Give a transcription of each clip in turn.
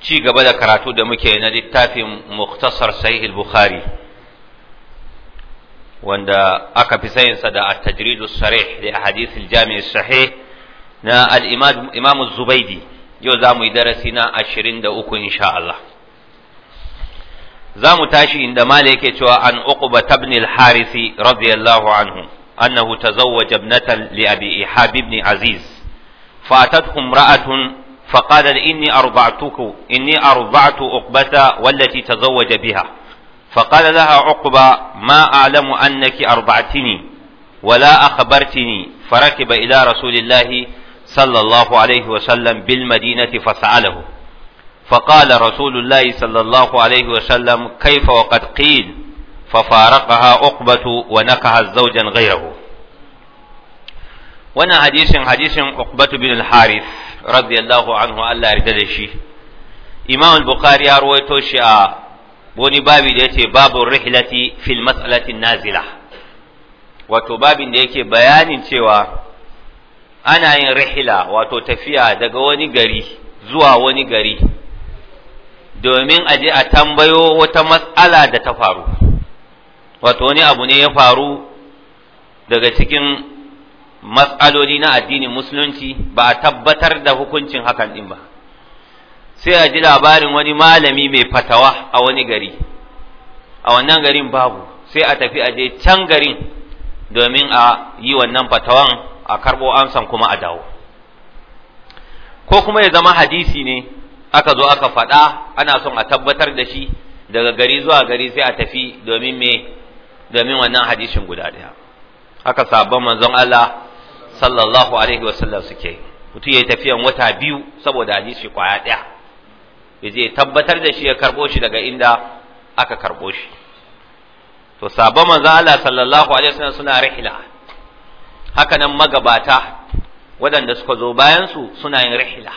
ci gaba da karatu da muke na littafin muktasar sahih al-bukhari wanda aka fi sayinsa da at-tajrid sarih li ahadith al-jami' sahih na al-imam imam az zubaydi yau zamu yi darasi na ashirin uku insha Allah zamu tashi inda mala yake cewa an uqba ibn al Harisi radiyallahu anhu annahu tazawwaja ibnatan li abi ihab ibn aziz فأتتهم امرأة فقال إني أرضعتك إني أرضعت عقبة والتي تزوج بها فقال لها عقبة ما أعلم أنك أرضعتني ولا أخبرتني فركب إلى رسول الله صلى الله عليه وسلم بالمدينة فسأله فقال رسول الله صلى الله عليه وسلم كيف وقد قيل ففارقها عقبة ونكهت زوجا غيره وانا حديث حديث عقبة بن الحارث radiyallahu anhu Allah yarda da shi Imam al-Bukhari ya rawaito shi a wani babi da yace babu rihlati fil mas'alati nazila wato babin da yake bayanin cewa ana yin rihila wato tafiya daga wani gari zuwa wani gari domin a je a tambayo wata mas'ala da ta faru wato wani abu ne ya faru daga cikin matsaloli na addinin musulunci ba a tabbatar da hukuncin hakan din ba sai a ji labarin wani malami mai fatawa a wani gari a wannan garin babu sai a tafi a je can garin domin a yi wannan fatawan a karbo amsan kuma a dawo ko kuma ya zama hadisi ne aka zo aka faɗa ana son a tabbatar da shi daga gari zuwa gari sai a tafi domin me domin wannan hadisin guda ɗaya haka sabon manzon Allah sallallahu alaihi wasallam suke mutum yayi tafiyan wata biyu saboda hadisi kwaya ɗaya yaje tabbatar da shi ya karbo shi daga inda aka karɓo shi to sabon manzo Allah sallallahu alaihi wasallam suna rihla haka nan magabata waɗanda suka zo bayan su suna yin rihla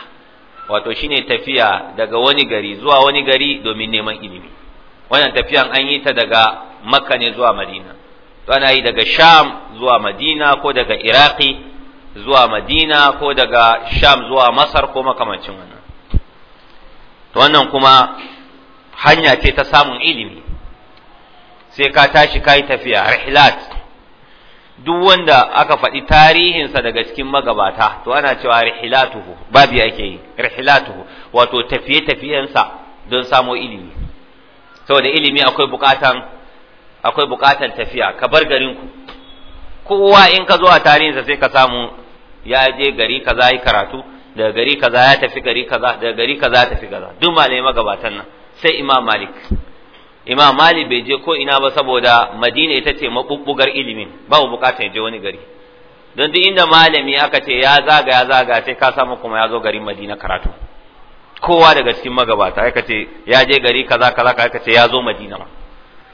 wato shine tafiya daga wani gari zuwa wani gari domin neman ilimi wannan tafiyan an yi ta daga makka ne zuwa madina to ana yi daga sham zuwa madina ko daga iraki zuwa madina ko daga sham zuwa masar ko makamancin wannan to wannan kuma hanya ce ta samun ilimi sai ka tashi ka yi tafiya rihlat duk wanda aka faɗi tarihinsa daga cikin magabata to ana cewa rihlatuhu babu yake yi rihlatuhu wato tafiye-tafiyensa don samo ilimi saboda ilimi akwai bukatan akwai bukatan tafiya ka bar garinku kowa in ka zo a tarihinsa sai ka samu ya je gari kaza yi karatu daga gari kaza ya tafi gari kaza daga gari kaza ya tafi kaza duk malamai magabatan nan sai imam malik imam malik bai je ko ina ba saboda madina ita ce mabubbugar ilimin babu bukatar je wani gari don duk inda malami aka ce ya zaga ya zaga sai ka samu kuma ya zo garin madina karatu kowa daga cikin magabata ya ce ya je gari kaza kaza ka ce ya zo madina ma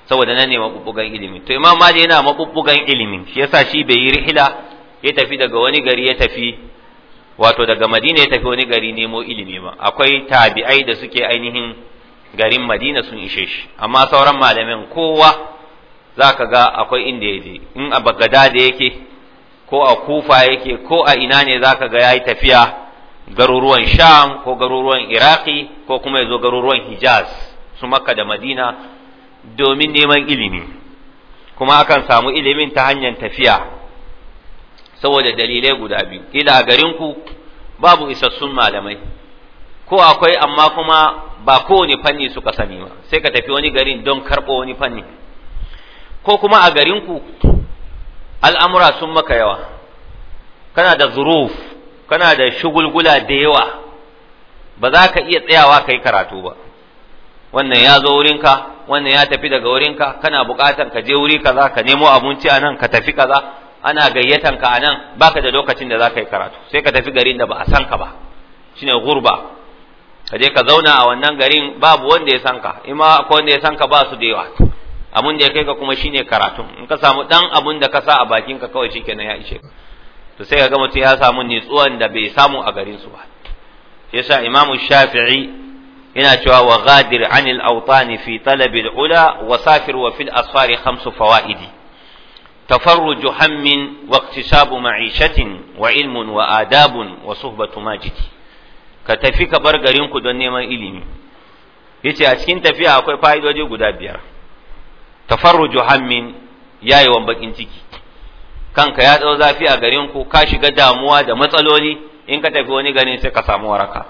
saboda nan ne mabubbugan ilimin to imam malik yana mabubbugan ilimin shi yasa shi bai yi rihila ya tafi daga wani gari ya tafi wato daga madina ya tafi wani gari nemo ilimi ma akwai tabi'ai da suke ainihin garin madina sun ishe shi amma sauran malamin kowa za ka ga akwai inda ya je in a bagada da yake ko a kufa yake ko a ina ne za ka ga ya yi tafiya garuruwan sham ko garuruwan iraki ko kuma ya zo garuruwan hijaz su makka da madina domin neman ilimi kuma akan samu ilimin ta hanyar tafiya saboda dalilai guda biyu Ila a garinku babu isassun malamai ko akwai amma kuma ba kowane fanni suka sani ba sai ka tafi wani garin don karɓo wani fanni ko kuma a garinku al'amura sun maka yawa kana da zuruf kana da shugulgula da yawa ba za ka iya tsayawa ka yi karatu ba wannan ya zo wurinka wannan ya tafi daga wurinka kana bukatar ka je wuri kaza ka nemo abinci a nan ka tafi kaza ana gayyatan ka anan baka da lokacin da zaka yi karatu sai ka tafi garin da ba a san ka ba shine gurba ka je ka zauna a wannan garin babu wanda ya san ka ima ko wanda ya san ka ba su da yawa amun da ya kai ka kuma shine karatu in ka samu dan abun da ka sa a bakin ka kawai shikenan ya ishe ka to sai ka ga mutum ya samu nitsuwan da bai samu a garin su ba yasa imamu shafi'i yana cewa wa ghadir anil autani fi talabil ula wa safir wa fil asfari khamsu fawaidi تفرج هم واقتصاب معيشة وعلم وآداب Ka tafi ka bar garinku دون neman ilimi. yace a cikin tafiya akwai fa'idoji guda biyar tafarruju hammin yayi wan bakin ciki kanka ya tsau zafi a garin ku ka shiga damuwa da matsaloli in ka tafi wani garin sai ka samu waraka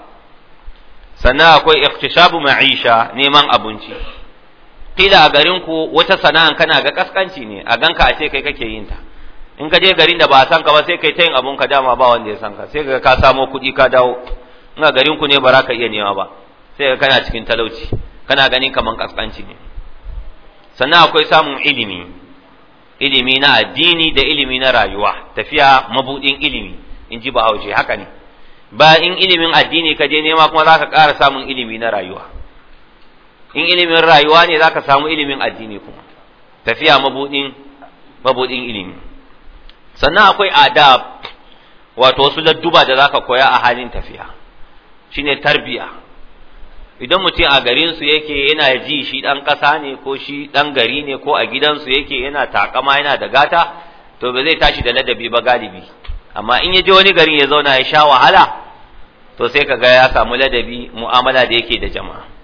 sannan akwai iktishabu ma'isha neman abinci kila a garin ku wata sana'an kana ga kaskanci ne a ganka a ce kai kake yin ta in ka je garin da ba a san ka ba sai kai ta yin abun ka dama ba wanda ya san ka sai ka samo kuɗi ka dawo in a garin ku ne ba za ka iya nema ba sai ka kana cikin talauci kana ganin kaman kaskanci ne sannan akwai samun ilimi ilimi na addini da ilimi na rayuwa tafiya mabudin ilimi in ji bahaushe haka ne ba in ilimin addini ka je nema kuma za ka ƙara samun ilimi na rayuwa in ilimin rayuwa ne zaka samu ilimin addini kuma tafiya mabudin mabudin ilimi sannan akwai adab wato wasu ladduba da zaka koya a halin tafiya shine tarbiya idan mutum a garin su yake yana ji shi dan kasa ne ko shi dan gari ne ko a gidansu yake yana takama yana da gata to ba zai tashi da ladabi ba galibi amma in ya je wani garin ya zauna ya sha wahala to sai kaga ya samu ladabi mu'amala da yake da jama'a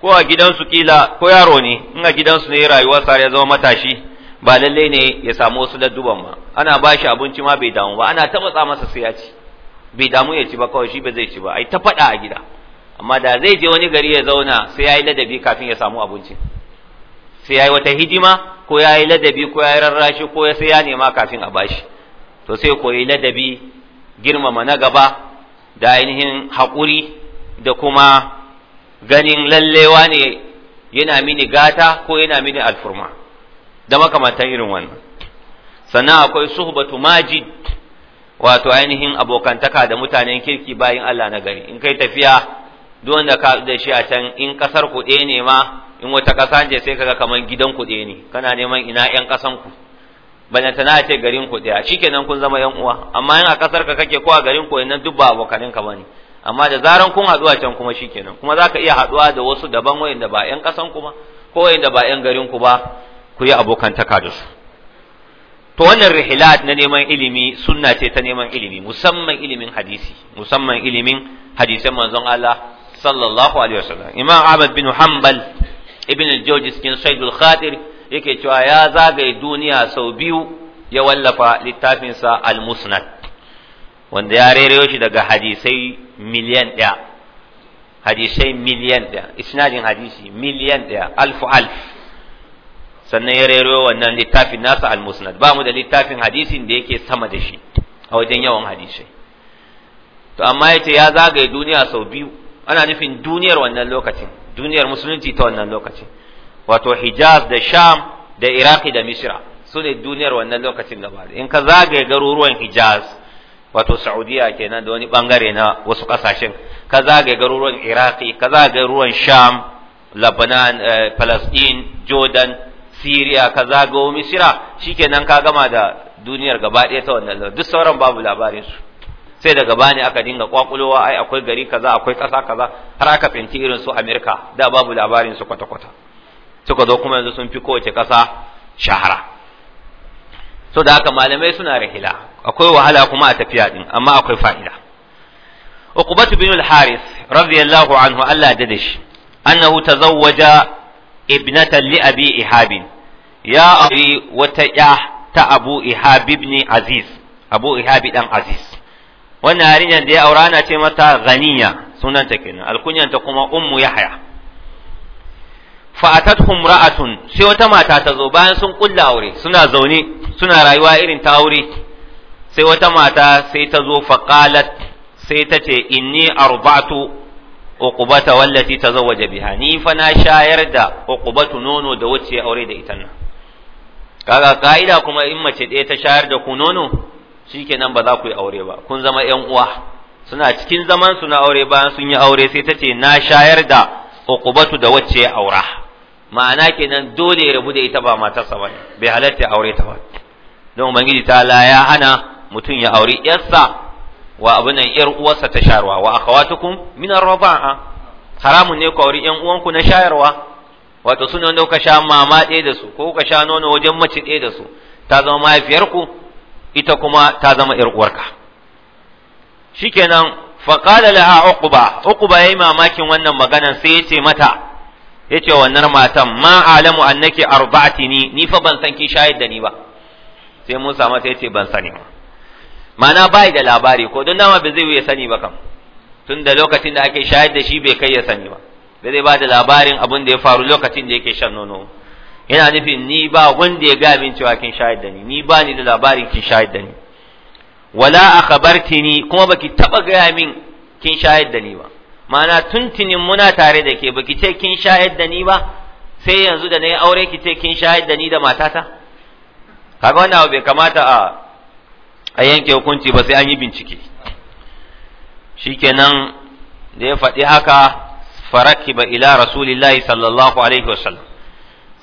ko a gidansu kila ko yaro ne in a gidansu ne sare ya zama matashi ba lallai ne ya samu wasu ladduban ba ana ba shi abinci ma bai damu ba ana taba tsa masa sai ya ci bai damu ya ci ba kawai shi ba zai ci ba ai ta faɗa a gida amma da zai je wani gari ya zauna sai ya yi ladabi kafin ya samu abinci sai ya yi wata hidima ko ya yi ladabi ko ya yi rarrashi ko ya sai ya nema kafin a bashi to sai koyi ladabi girmama na gaba da ainihin haƙuri da kuma ganin lallewa ne yana mini gata ko yana mini alfurma da makamantan irin wannan sannan akwai suhbatu majid wato ainihin abokantaka da mutanen kirki bayan Allah na gari in kai tafiya duk wanda ka da shi a can in kasar ku ɗaya ne ma in wata ƙasa ce sai kaga kaman gidan ku ɗaya ne kana neman ina ƴan ƙasan ku bana na ce garin ku ɗaya shikenan kun zama ƴan uwa amma in a ƙasar ka kake ko a garin ku nan duk ba abokanin ka bane amma da zaran kun haɗu a can kuma shikenan kuma zaka iya haɗuwa da wasu daban wayanda ba ƴan kasan kuma ko wayanda ba ƴan garin ku ba ku yi abokantaka da su to wannan rihilat na neman ilimi sunna ce ta neman ilimi musamman ilimin hadisi musamman ilimin hadisan manzon Allah sallallahu alaihi wasallam imam ahmad bin hanbal ibn al-jawzi cikin saidul khatir yake cewa ya zagaye duniya sau biyu ya wallafa littafinsa al-musnad wanda ya rereyo shi daga hadisai miliyan ɗaya hadisai miliyan ɗaya isnadin hadisi miliyan ɗaya alfu alf sannan ya rereyo wannan littafin nasa al-musnad ba mu da littafin hadisin da yake sama da shi a wajen yawan hadisai to amma ya ce ya zagaye duniya sau biyu ana nufin duniyar wannan lokacin duniyar musulunci ta wannan lokacin wato hijaz da sham da iraki da misra su ne duniyar wannan lokacin gaba in ka zagaye garuruwan hijaz wato Saudiya kenan da wani bangare na wasu kasashen ka zage garuruwan Iraki ka zage garuruwan Sham Lebanon eh, Palestine Jordan Syria ka zagaye Misira shikenan ka gama da duniyar gaba ɗaya ta wannan duk sauran babu labarin su sai daga bani aka dinga kwakulowa ai akwai gari kaza akwai kasa kaza har aka finti irin su Amerika da babu labarin su kwata kwata suka zo kuma yanzu sun fi kowace kasa shahara so da haka malamai suna rahila akwai wahala kuma a tafiya din amma akwai fa'ida uqbatu bin al-haris radiyallahu anhu Allah da dashi annahu tazawwaja ibnatan li abi ihab ya abi wata ya ta abu ihab ibn aziz abu ihab dan aziz wannan yarinyar da ya aura ana ce mata ganiya sunanta kenan alkunyanta kuma ummu yahya fa'atathum ra'atun sai wata mata ta zo bayan sun kulla aure suna zaune suna rayuwa irin ta aure sai wata mata sai ta zo faƙalat sai ta ce inni arba'tu uqubata wallati tazawwaja biha ni fa na shayar da uqubatu nono da wacce aure da ita nan kaga kaida kuma in mace ɗaya ta shayar da ku nono shikenan ba za ku yi aure ba kun zama ƴan uwa suna cikin zaman su na aure bayan sun yi aure sai ta ce na shayar da uqubatu da wacce aura ma'ana kenan dole ya rabu da ita ba matarsa ba bai halatta aure ta ba don ubangiji ta la ya hana mutum ya auri yarsa wa abin nan yar uwarsa ta shayarwa wa akhawatukum min arba'a haramun ne ku auri yan uwanku na shayarwa wato suna wanda kuka sha mama ɗaya da su ko kuka sha nono wajen mace ɗaya da su ta zama mahaifiyarku ita kuma ta zama yar uwarka shikenan qala laha uqba uqba yayi mamakin wannan magana sai yace mata yace wannan matan ma alamu annaki arba'atini ni fa ban san ki shayar da ni ba sai Musa mata yace ban sani ba ma'ana bai da labari ko don dama bai zai ya sani ba kam tun da lokacin da ake shayar da shi bai kai ya sani ba bai zai ba da labarin abin da ya faru lokacin da yake shan nono yana nufin ni ba wanda ya gaya min cewa kin shayar da ni ni ba ni da labarin kin shayar da ni wala akhbartini kuma baki taba gaya min kin shayar da ni ba ma'ana tuntunin muna tare da ke baki ce kin shayar da ni ba sai yanzu da na yi aure ki ce kin shayar da ni da matata kaga wannan bai kamata a a yanke hukunci ba sai an yi bincike shikenan da ya faɗi haka faraki ba ila rasulillahi sallallahu alaihi wasallam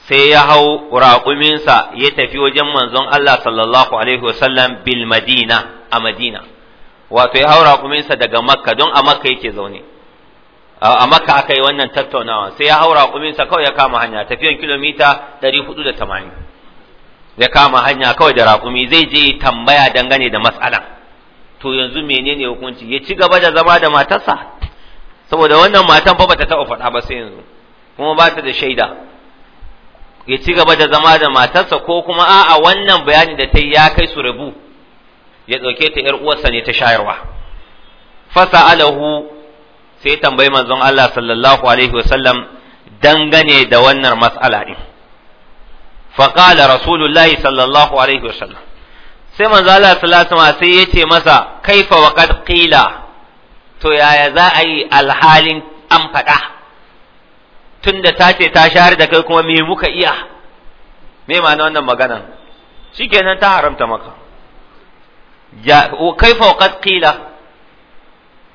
sai ya hau raƙuminsa ya tafi wajen manzon Allah sallallahu alaihi wasallam bil madina a madina wato ya hau raƙuminsa daga makka don a makka yake zaune a makka aka yi wannan tattaunawa sai ya hau raƙuminsa kawai ya kama hanya tafiyan kilomita 480 ya kama hanya kawai da raƙumi zai je tambaya dangane da matsalan to yanzu menene hukunci ya ci gaba da zama da matarsa saboda wannan matan fa bata taɓa faɗa ba sai yanzu kuma ba ta da shaida ya ci gaba da zama da matarsa ko kuma a'a wannan bayani da ta yi ya kai su rabu ya ɗauke ta ‘yar uwarsa ne ta shayarwa fasa alahu sai tambayi manzon Allah sallallahu alaihi wasallam dangane da wannan matsala ɗin faƙala rasulullahi sallallahu alaihi wa sallam sai manzo Allah sallallahu alaihi sai yace masa kaifa wa qad qila to yaya za a yi alhalin an faɗa tunda ta ce ta shahar da kai kuma me muka iya me ma'ana wannan maganan shikenan ta haramta maka kaifa wa qad qila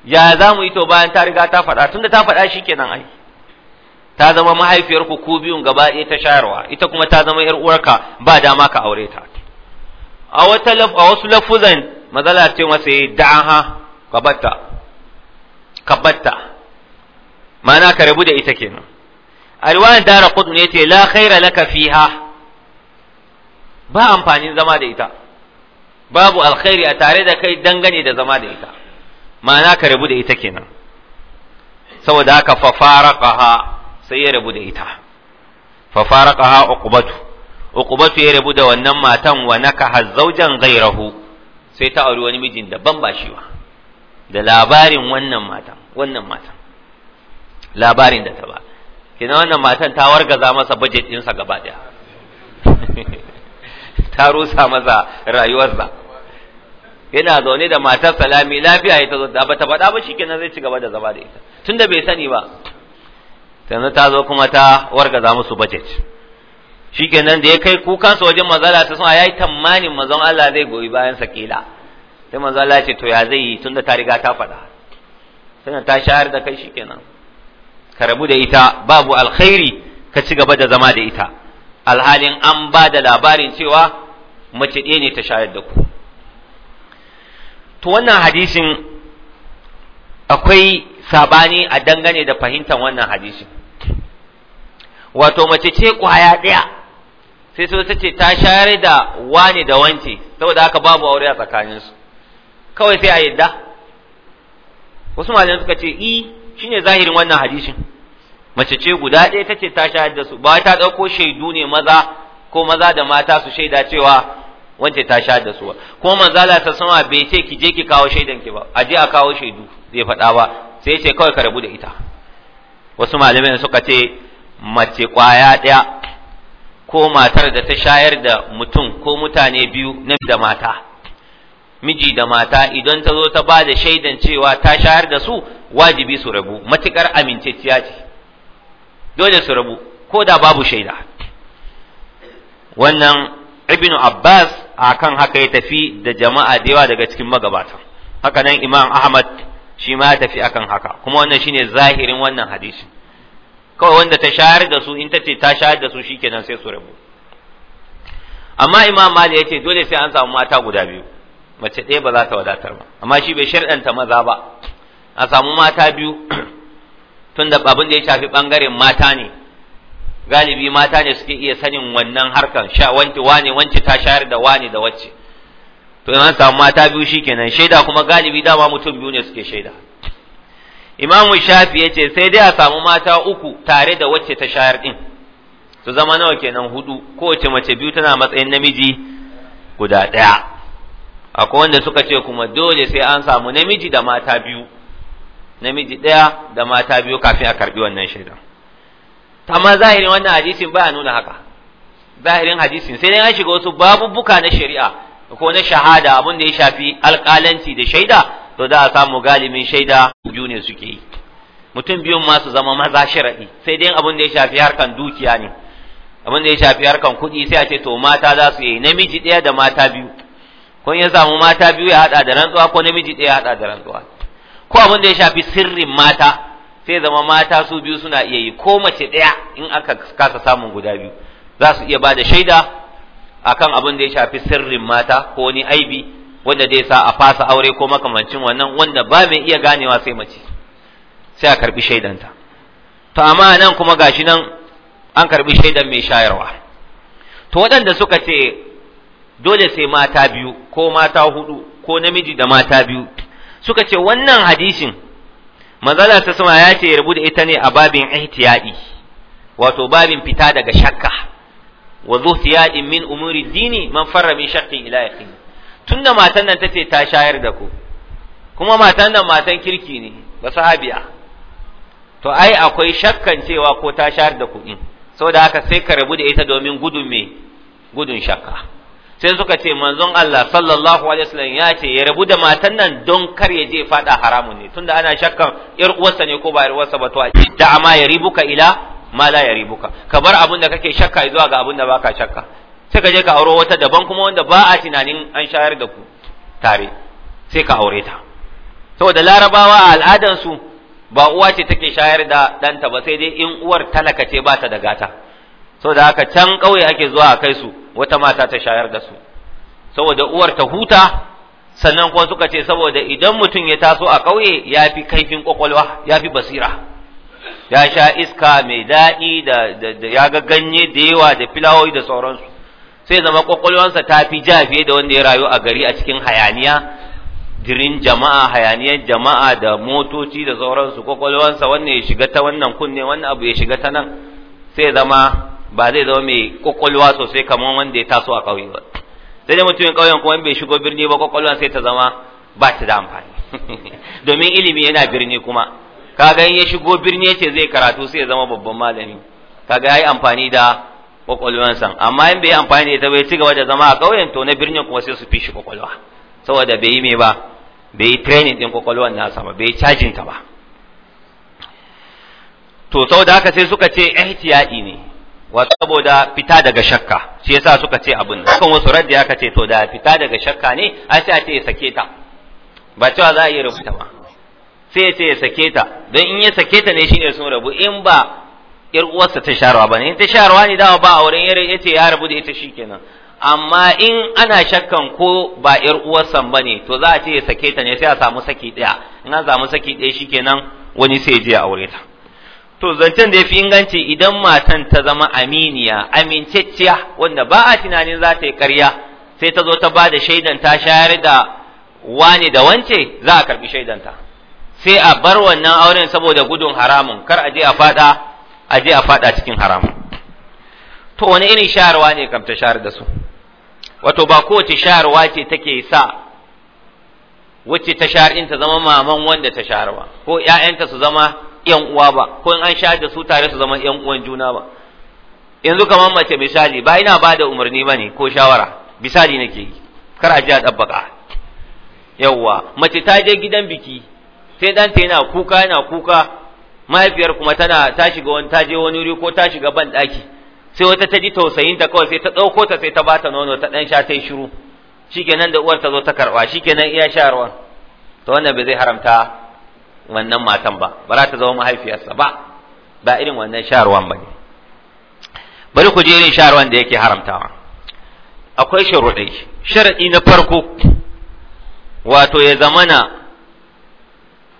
ya za mu yi to bayan ta riga ta faɗa tunda ta faɗa shikenan ai ta zama mahaifiyarku ku biyun gaba ɗaya ta shayarwa ita kuma ta zama yar uwarka ba dama ka aure ta a wata a wasu lafuzan mazala ce masa yayi eh, da'aha kabatta kabatta ma'ana ka rabu da ita kenan a riwayar dara kudu ne ce la khaira laka fiha ba amfani zama da ita babu alkhairi a tare da kai dangane da zama da ita ma'ana ka rabu da ita kenan saboda haka fa faraqaha sai ya rabu da ita fa faraqaha uqbatu uqbatu ya rabu da wannan matan wa nakaha zawjan ghayrahu sai ta auri wani mijin da ban bashi ba da labarin wannan matan wannan matan labarin da ta ba kina wannan matan ta wargaza masa budget ɗinsa gaba daya ta rusa masa rayuwarsa yana zaune da matar salami lafiya ita zo ba ta faɗa ba shi kenan zai ci gaba da zama da ita tunda bai sani ba tana ta zo kuma ta warga wargaza musu budget nan da ya kai kukan su wajen mazala ta sun yayi tamanin mazan Allah zai goyi bayan sa kila sai manzo Allah ce to ya zai yi tunda ta riga ta faɗa sai ta shayar da kai shikenan ka rabu da ita babu alkhairi ka ci gaba da zama da ita alhalin an ba da labarin cewa mace ɗaya ne ta shayar da ku to wannan hadisin akwai sabani a dangane da fahimtar wannan hadisi wato mace ce kwaya ɗaya sai so ta ce ta shayar da wani da wance saboda haka babu aure a tsakaninsu kawai sai a yadda wasu malamai suka ce i shine zahirin wannan hadisin mace ce guda ɗaya ta ce ta shayar da su ba ta ɗauko shaidu ne maza ko maza da mata su shaida cewa wance ta shayar da su ba kuma manzala ta sama bai ce ki je ki kawo shaidan ki ba a je a kawo shaidu zai faɗa ba sai ce kawai ka rabu da ita wasu malamai suka ce mace kwaya ɗaya ko matar da ta shayar da mutum ko mutane biyu na da mata miji da mata idan ta zo ta ba da shaidan cewa ta shayar da su wajibi su rabu matukar aminceciya ce dole su rabu ko da babu shaida wannan ibnu abbas akan haka ya tafi da jama'a da yawa daga cikin magabata haka nan imam ahmad shi ma tafi akan haka kuma wannan shine zahirin wannan hadisi kawai wanda ta shayar da su in ta ce ta shayar da su shikenan sai su rabu amma imam mali ya ce dole sai an samu mata guda biyu mace ɗaya ba za ta wadatar ba amma shi bai shirɗanta maza ba a samu mata biyu tun da abin da ya shafi ɓangaren mata ne galibi mata ne suke iya sanin wannan harkan sha wanki wane wanki ta shayar da wane da wacce to in an samu mata biyu shikenan shaida kuma galibi dama mutum biyu ne suke shaida Imam Shafi ya ce sai dai a samu mata uku tare da wacce ta shayar din su zama nawa kenan hudu kowace mace biyu tana matsayin namiji guda ɗaya akwai wanda suka ce kuma dole sai an samu namiji da mata biyu namiji ɗaya da mata biyu kafin a karɓi wannan shaidan amma zahirin wannan hadisin baya nuna haka zahirin hadisin sai dai an shiga wasu babubuka na shari'a ko na shahada abin da ya shafi alƙalanci da shaida to za a samu galibin shaida biyu ne suke yi mutum biyun ma su zama maza sharaɗi sai dai abin da ya shafi harkan dukiya ne abin da ya shafi harkan kuɗi sai a ce to mata za su yi namiji ɗaya da mata biyu kun ya samu mata biyu ya haɗa da rantsuwa ko namiji ɗaya ya haɗa da rantsuwa ko abin da ya shafi sirrin mata sai zama mata su biyu suna iya yi ko mace ɗaya in aka kasa samun guda biyu za su iya ba da shaida akan abin da ya shafi sirrin mata ko wani aibi wanda zai sa a fasa aure ko makamancin wannan wanda ba mai iya ganewa sai mace sai a karbi shaidanta to amma nan kuma gashi nan an karbi shaidan mai shayarwa to waɗanda suka ce dole sai mata biyu ko mata hudu ko namiji da mata biyu suka ce wannan hadisin manzala ta sama ya ce ya rubuta ita ne a babin ihtiyadi wato babin fita daga shakka wa zuhtiyadin min umuri dini man farra min shaqqin ila yaqin tunda matan nan tace ta shayar da ku kuma matan nan matan kirki ne ba sahabiya to ai akwai shakkan cewa ko ta shayar da ku din saboda haka sai ka rabu da ita domin gudun me gudun shakka sai suka ce manzon Allah sallallahu alaihi wasallam ya ce ya rabu da matan nan don kar ya je fada haramun ne tunda ana shakkan yar uwarsa ne ko ba yar uwarsa ba to da amma ya ribuka ila ma la yaribuka ka bar abin da kake shakka zuwa ga abin da baka shakka sai ka je ka auro wata daban kuma wanda ba a tunanin an shayar da ku tare sai ka aure ta saboda larabawa a al'adan su ba uwa ce take shayar da danta ba sai dai in uwar talaka ce ba ta da gata saboda haka can kauye ake zuwa a kai su wata mata ta shayar da su saboda uwar ta huta sannan kuma suka ce saboda idan mutum ya taso a ƙauye ya fi kaifin kwakwalwa ya fi basira ya sha iska mai daɗi da ya ga ganye da yawa da filawoyi da sauransu sai zama kwakwalwansa ta fi ja fiye da wanda ya rayu a gari a cikin hayaniya jirin jama'a hayaniyar jama'a da motoci da sauransu kwakwalwansa wannan ya shiga ta wannan kunne wannan abu ya shiga ta nan sai zama ba zai zama mai kwakwalwa sosai kamar wanda ya taso a ƙauye ba sai dai mutumin ƙauyen kuma bai shigo birni ba kwakwalwa sai ta zama ba ta da amfani domin ilimi yana birni kuma kaga in ya shigo birni yace zai karatu sai ya zama babban malami kaga yayi amfani da san amma in bai amfani da ita bai ci gaba da zama a kauyen to na birnin kuma sai su fi shi kwakwalwa saboda bai yi me ba bai yi training din kwakwalwan nasa ba bai yi cajin ta ba to saboda haka sai suka ce ihtiyadi ne wa saboda fita daga shakka shi yasa suka ce abin kan wasu radda aka ce to da fita daga shakka ne a sai a ce sake ta ba cewa za a iya rubuta ba sai ya ce ya sake ta don in ya sake ta ne shine sun rabu in ba yar uwarsa ta sharwa ne in ta sharwa ne dawa ba auren yare yace ya rabu da ita shikenan amma in ana shakkan ko ba yar uwarsa ne to za a ce ya sake ta ne sai a samu saki daya in an samu saki daya shikenan wani sai je ya aure ta to zancen da yafi inganci idan matan ta zama aminiya amincecciya wanda ba a tunanin za ta yi ƙarya sai ta zo ta ba da shaidan ta shayar da wane da wance za a karbi shaidanta sai a bar wannan auren saboda gudun haramun kar a je a fada a je a fada cikin haramun to wani irin shayarwa ne kam ta shayar da su wato ba kowace shayarwa ce take sa wacce ta shayar ta zama maman wanda ta shayarwa ko ƴaƴanta su zama ƴan uwa ba ko in an shayar da su tare su zama ƴan uwan juna ba yanzu kamar mace misali ba ina ba da umarni ba ne ko shawara misali nake yi kar a je a ɗabbaka yawwa mace ta je gidan biki sai ta yana kuka yana kuka mahaifiyar kuma tana ta shiga wani ta je wani wuri ko ta shiga ban ɗaki sai wata ta ji tausayin ta kawai sai ta ɗauko ta sai ta bata nono ta ɗan sha ta yi shiru shikenan da uwar ta zo ta karɓa shikenan iya shayarwa to wannan bai zai haramta wannan matan ba ba za ta zama mahaifiyarsa ba ba irin wannan shayarwan ba ne bari ku je irin shayarwan da yake haramtawa akwai sharuɗai sharaɗi na farko wato ya zamana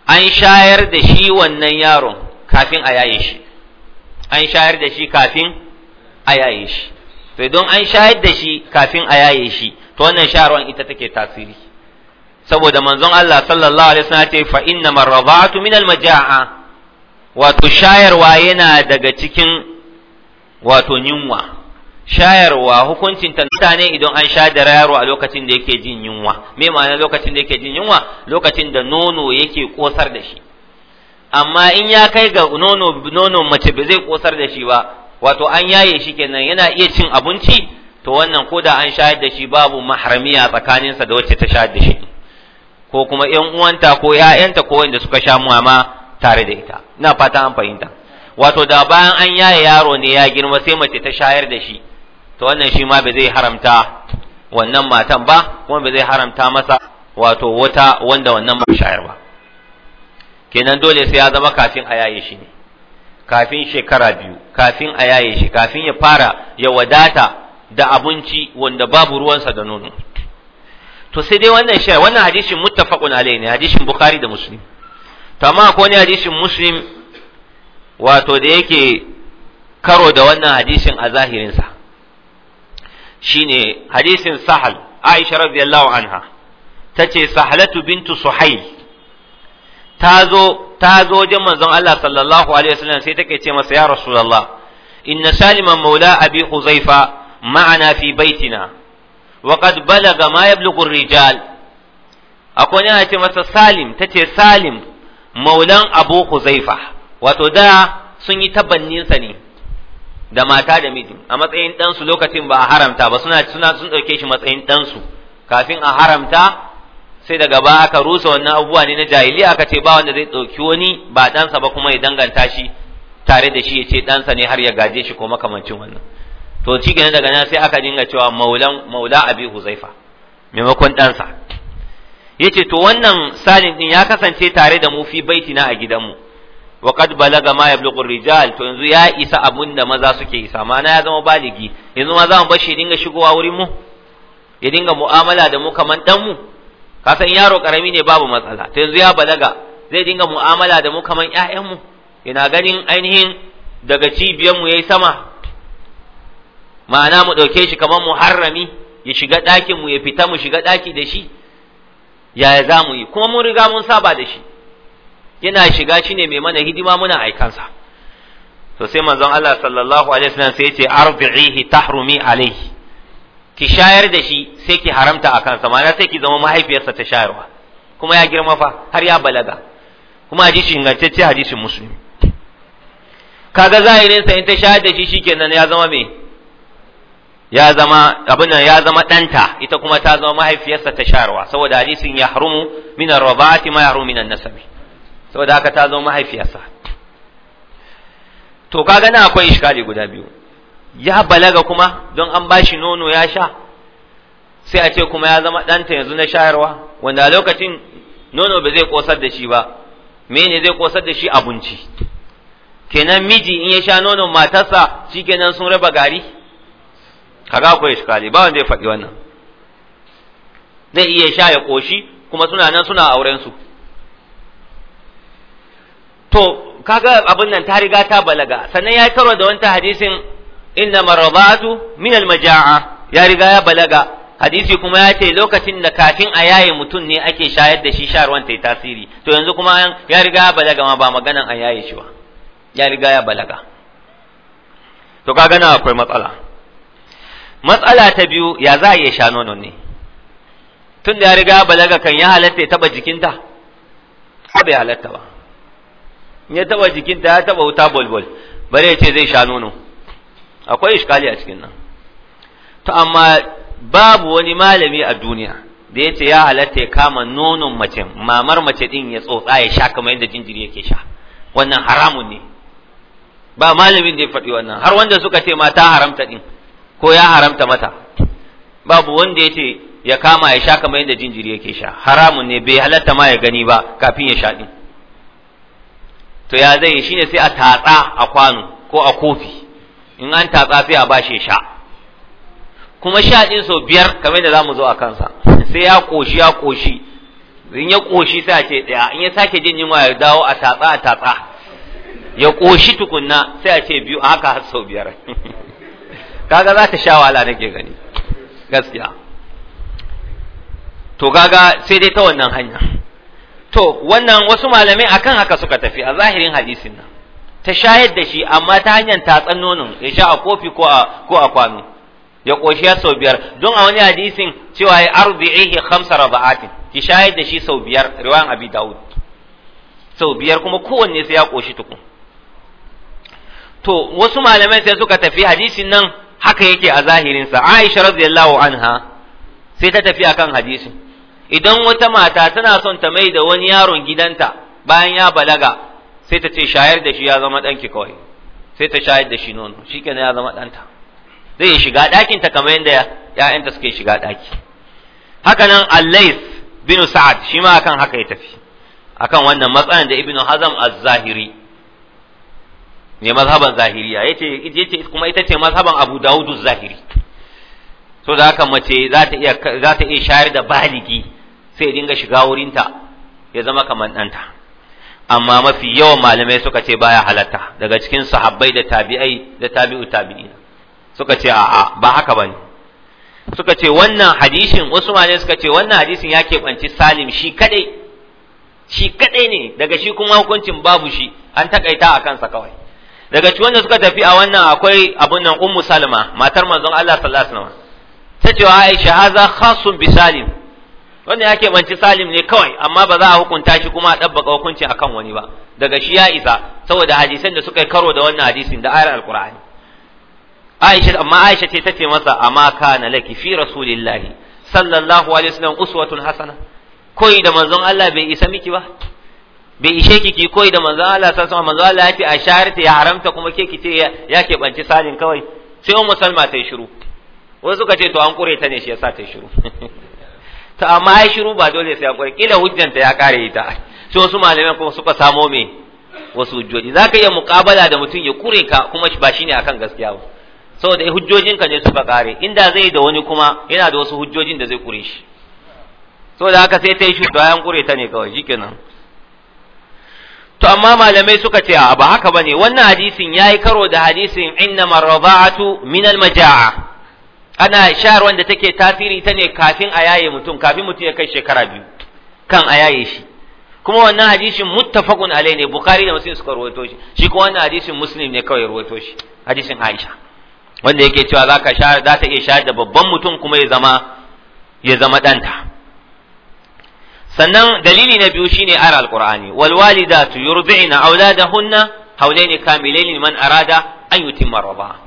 an shayar da shi wannan yaron kafin a yaye shi an shayar da shi kafin a yaye shi to don an shayar da shi kafin a yaye shi to wannan shayarwan ita take tasiri saboda manzon Allah sallallahu alaihi wasallam ce fa inna marradatu min almajaa wato shayarwa yana daga cikin wato yunwa shayarwa hukuncin ta ne idan an sha da yaro a lokacin da yake jin yunwa me ma'ana lokacin da yake jin yunwa lokacin da nono yake kosar da shi amma in ya kai ga nono nono mace ba zai kosar da shi ba wato an yaye shi kenan yana iya cin abinci to wannan ko da an shayar da shi babu mahramiya tsakaninsa da wacce ta shayar da shi ko kuma ƴan uwanta ko ƴaƴanta ko wanda suka sha ma tare da ita ina fata an fahimta wato da bayan an yaye yaro ne ya girma sai mace ta shayar da shi to wannan shi ma ba zai haramta wannan matan ba kuma ba zai haramta masa wato wata wanda wannan ba shayar ba kenan dole sai ya zama kafin a yaye shi ne kafin shekara biyu kafin a yaye shi kafin ya fara ya wadata da abinci wanda babu ruwansa da nono to sai dai wannan shayar wannan hadishin muttafaqun alayhi ne hadishin bukhari da muslim to amma akwai ne hadishin muslim wato da yake karo da wannan hadishin a zahirinsa shine hadisin sahal aisha radiyallahu anha tace sahlatu bintu suhail ta zo ta zo wajen manzon Allah sallallahu alaihi wasallam sai take ce masa ya rasulullah inna salima maula abi huzaifa ma'ana fi baitina wa qad balaga ma yablughu rijal akwai yana ce masa salim tace salim maulan abu huzaifa wato da sun yi tabanninsa ne da mata da miji a matsayin ɗansu lokacin ba a haramta ba suna suna sun ɗauke shi matsayin ɗansu kafin a haramta sai daga ba aka rusa wannan abubuwa ne na jahiliya aka ce ba wanda zai ɗauki wani ba ɗansa ba kuma ya danganta shi tare da shi ya ce ɗansa ne har ya gaje shi ko makamancin wannan to ci gane daga nan sai aka dinga cewa maulan maula abi huzaifa maimakon ɗansa yace to wannan salin ɗin ya kasance tare da mu fi baitina a gidanmu wa balaga ma yablughu rijal to yanzu ya isa abun da maza suke isa mana ya zama baligi yanzu ma za mu bashi dinga shigowa wurin mu ya dinga mu'amala da mu kaman dan mu ka san yaro karami ne babu matsala to yanzu ya balaga zai dinga mu'amala da mu kaman ƴaƴan mu ina ganin ainihin daga cibiyar mu yayi sama ma'ana mu dauke shi kaman muharrami ya shiga ɗakin mu ya fita mu shiga ɗaki da shi yaya za mu yi kuma mun riga mun saba da shi yana shiga shi ne mai mana hidima muna aikansa to sai manzon Allah sallallahu alaihi wasallam sai ya ce arbi'ihi tahrumi alaihi ki shayar da shi sai ki haramta a kansa ma'ana sai ki zama mahaifiyarsa ta shayarwa kuma ya girma fa har ya balaga kuma hadisi ingantacce hadisin musulmi. kaga zahirin sa in ta shayar da shi shikenan ya zama me ya zama abin nan ya zama danta ita kuma ta zama mahaifiyarsa ta shayarwa saboda hadisin yahrumu min ar-rabati ma yahrumu min an-nasabi saboda haka ta zama mahaifiyarsa to kaga na akwai iskali guda biyu ya balaga kuma don an bashi nono ya sha sai a ce kuma ya zama ɗanta yanzu na shayarwa wanda lokacin nono ba zai kosar da shi ba mene zai kosar da shi abinci kenan miji in ya sha nono matarsa shikenan sun raba gari kaga akwai iskali ba wanda ya faɗi wannan zai iya sha ya ƙoshi kuma suna nan suna aurensu. su to kaga abin nan ta riga ta balaga sannan ya tarwa da wanta hadisin inna maradatu min almaja'a ya riga ya balaga hadisi kuma ya ce lokacin da kafin a yaye mutum ne ake shayar da shi sharwan ta tasiri to yanzu kuma ya riga ya balaga ma ba maganan a yaye shi ba ya riga ya balaga to kaga na akwai matsala matsala ta biyu ya za a iya sha nono ne tun da ya riga ya balaga kan ya halatta ya taba jikinta ba bai halatta ba in ya taba jikinta ya taba wuta bulbul bare ya ce zai sha nono akwai iskali a cikin nan to amma babu wani malami a duniya da ya ce ya halatta ya kama nonon mace mamar mace din ya tsotsa ya sha kamar yadda jinjiri yake sha wannan haramun ne ba malamin da ya faɗi wannan har wanda suka ce mata haramta din ko ya haramta mata babu wanda ya ce ya kama ya sha kamar yadda jinjiri yake sha haramun ne bai halatta ma ya gani ba kafin ya sha din to ya zai shi ne sai a tatsa a kwano ko a kofi in an tatsa sai a bashi sha kuma sha ɗin sau biyar kamar da zamu zo a kansa sai ya koshi ya koshi in ya koshi sai a ce daya in ya sake jin yunwa ya dawo a tatsa a tatsa ya koshi tukunna sai a ce biyu haka har sau biyar kaga za ta sha wahala nake gani gaskiya to kaga sai dai ta wannan hanya to wannan wasu malamai akan haka suka tafi a zahirin hadisin nan ta shayar da shi amma ta hanyar tatsan nonon ya sha a kofi ko a ko a kwano ya koshi ya sau biyar don a wani hadisin cewa ya arbi'ihi khamsa raba'atin ki shayar da shi sau biyar riwayan abi daud sau biyar kuma kowanne sai ya koshi tukun to wasu malamai sai suka tafi hadisin nan haka yake a zahirinsa aisha radiyallahu anha sai ta tafi akan hadisin idan wata mata tana son ta mai da wani yaron gidanta bayan ya balaga sai ta ce shayar da shi ya zama ɗanki kawai sai ta shayar da shi nono shi kenan ya zama ɗanta zai yi shiga ɗakinta kamar yadda ‘ya'yanta suke shiga ɗaki haka nan allais bin sa'ad shi ma akan haka ya tafi akan wannan matsayin da ibnu hazam az-zahiri ne mazhaban zahiriya yace yace kuma ita ce mazhaban abu dawud az-zahiri so da haka mace za ta iya za ta iya shayar da baligi sai dinga shiga wurinta ya zama kamar ɗanta amma mafi yawan malamai suka ce baya halatta daga cikin sahabbai da tabi'ai da tabi'u tabi'ina suka ce a'a ba haka bane suka ce wannan hadisin wasu malamai suka ce wannan hadisin ya keɓanci salim shi kadai shi kadai ne daga shi kuma hukuncin babu shi an takaita a kansa kawai daga cikin wanda suka tafi a wannan akwai abun nan ummu salma matar manzon Allah sallallahu alaihi wasallam ta ce wa aisha haza khasun bi salim wannan yake banci salim ne kawai amma ba za a hukunta shi kuma a ɗabbaka hukunci akan wani ba daga shi ya isa saboda hadisan da suka yi karo da wannan hadisin da ayar alkur'ani aisha amma aisha ce tace masa amma kana laki fi rasulillahi sallallahu alaihi wasallam uswatun hasana koyi da manzon Allah bai isa miki ba bai ishe ki ki koyi da manzon Allah sallallahu alaihi manzon Allah ya ce a shaharta ya haramta kuma ke ki ce ya ke banci salim kawai sai ummu salma ta yi shiru wasu suka ce to an kure ta ne shi yasa ta yi shiru to amma ai shiru ba dole sai an kore kila hujjanta ya kare ita sai wasu malaman kuma suka samo me wasu hujjoji zaka iya mukabala da mutum ya kure ka kuma ba shi ne akan gaskiya ba saboda hujjojinka ne suka kare inda zai da wani kuma yana da wasu hujjojin da zai kure shi saboda haka sai ta yi shi bayan kure ta ne kawai shikenan to amma malamai suka ce a ba haka bane wannan hadisin yayi karo da hadisin innamal rada'atu al majaa ana shayar wanda take tasiri ta ne kafin a yaye mutum kafin mutum ya kai shekara biyu kan a yaye shi kuma wannan hadisin muttafaqun alai ne bukhari da muslim suka rawaito shi shi kuma wannan hadisin muslim ne kawai rawaito shi hadisin aisha wanda yake cewa zaka shayar za ta iya shayar da babban mutum kuma ya zama ya zama danta sannan dalili na biyu shine ayar alqur'ani wal walidatu yurdi'na auladahunna hawlayn kamilaini man arada an yutimma rabaa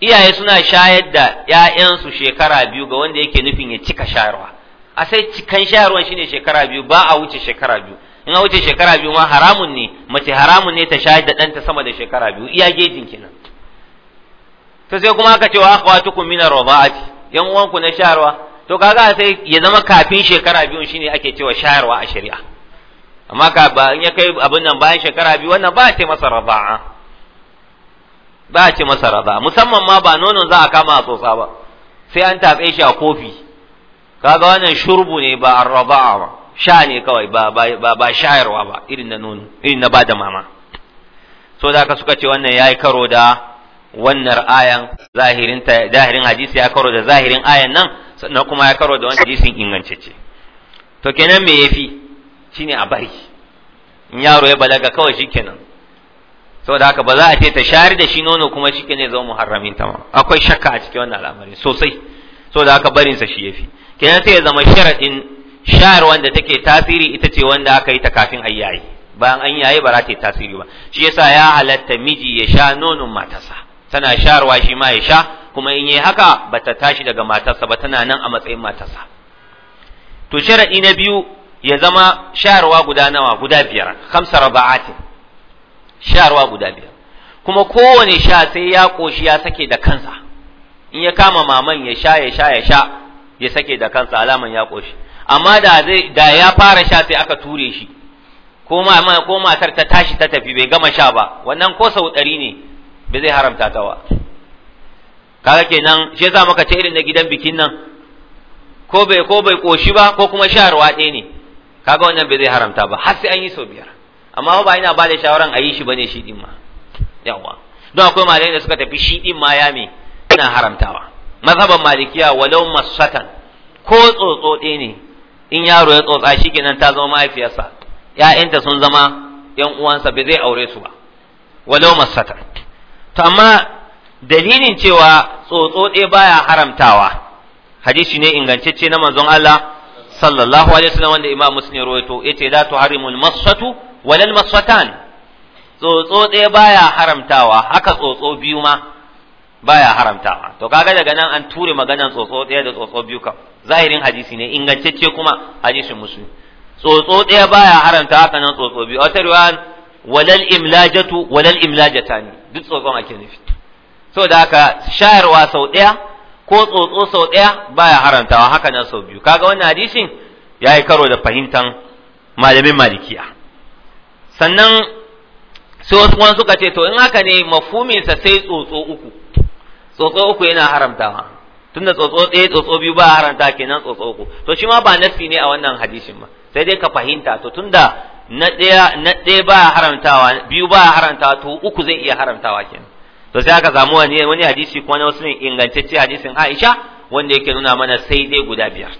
iyaye suna shayar da ‘ya'yansu shekara biyu ga wanda yake nufin ya cika shayarwa a sai cikan shayarwa shine shekara biyu ba a wuce shekara biyu in a wuce shekara biyu ma haramun ne mace haramun ne ta shayar da ɗanta sama da shekara biyu iya gejin kenan to sai kuma aka ce wa roba a ci yan uwanku na shayarwa to kaga sai ya zama kafin shekara biyu shine ake cewa shayarwa a shari'a amma ka ba in ya kai abin nan bayan shekara biyu wannan ba a ce masa raba'a za a ce masa raza musamman ma ba nonon za a kama a tsotsa ba sai an tatse shi a kofi kaga wannan shurbu ne ba arraba'a ba sha ne kawai ba ba ba shayarwa ba irin na nono irin na bada mama so da ka suka ce wannan yayi karo da wannan ayan zahirin ta zahirin hadisi ya karo da zahirin ayan nan sannan kuma ya karo da wannan hadisin ingantacce to kenan me yafi shine a bari in yaro ya balaga kawai shikenan saboda haka ba za a ce ta shayar da shi nono kuma shi ne zama muharramin ta ma akwai shakka a cikin wannan al'amari sosai saboda haka barin sa shi yafi kenan sai ya zama sharadin shayar wanda take tasiri ita ce wanda aka yi ta kafin an yayi bayan an yayi ba za ta yi tasiri ba shi yasa ya halatta miji ya sha nonon matarsa tana shayarwa shi ma ya sha kuma in yi haka ba ta tashi daga matarsa ba tana nan a matsayin matarsa to sharadi na biyu ya zama shayarwa guda nawa guda biyar khamsa raba'atin sharwa guda biyar kuma kowane sha sai ya ƙoshi ya sake da kansa in ya kama maman ya sha ya sha ya sha ya sake da kansa alaman ya ƙoshi amma da zai da ya fara sha sai aka ture shi ko ma ko matar ta tashi ta tafi bai gama sha ba wannan ko sau ɗari ne bai zai haramta ta ba kaga kenan shi yasa muka ce irin na gidan bikin nan ko bai ko bai ƙoshi ba ko kuma sha ruwa ɗaya ne kaga wannan bai zai haramta ba har sai an yi sau biyar amma ba ina ba da shawaran a yi shi bane shi din ma yawa don akwai malamai da suka tafi shi din ma ya me ina haramtawa mazhaban malikiya walau masatan ko tsotso ne in yaro ya tsotsa shi nan ta zama mahaifiyarsa ya'yanta sun zama yan uwansa bai zai aure su ba walau masatan to amma dalilin cewa tsotso baya haramtawa hadisi ne ingantacce na manzon Allah sallallahu alaihi wasallam wanda Imam Muslim ya rawaito yace la tuharimul masatu walal maswatan tsotso ɗaya baya haramtawa haka tsotso biyu ma baya haramtawa to kaga daga nan an ture maganan tsotso ɗaya da tsotso biyu kam zahirin hadisi ne ingantacce kuma hadisin musulmi tsotso ɗaya baya haramta haka nan tsotso biyu wata riwayan walal imlajatu walal imlajatani duk tsotson ake nufi so da haka shayarwa sau ɗaya ko tsotso sau ɗaya baya haramtawa haka nan sau biyu kaga wannan hadisin yi karo da fahimtan malamin malikiya sannan sai wasu kuma suka ce to in haka ne mafuminsa sai tsotso uku tsotso uku yana haramtawa tunda tsotso ɗaya tsotso biyu ba haramta kenan tsotso uku to shi ma ba nasi ne a wannan hadisin ba sai dai ka fahimta to tunda na ɗaya na ɗaya ba haramtawa biyu ba haramtawa to uku zai iya haramtawa kenan to sai aka samu wani wani hadisi kuma na wasu ne ingantacce hadisin Aisha wanda yake nuna mana sai dai guda biyar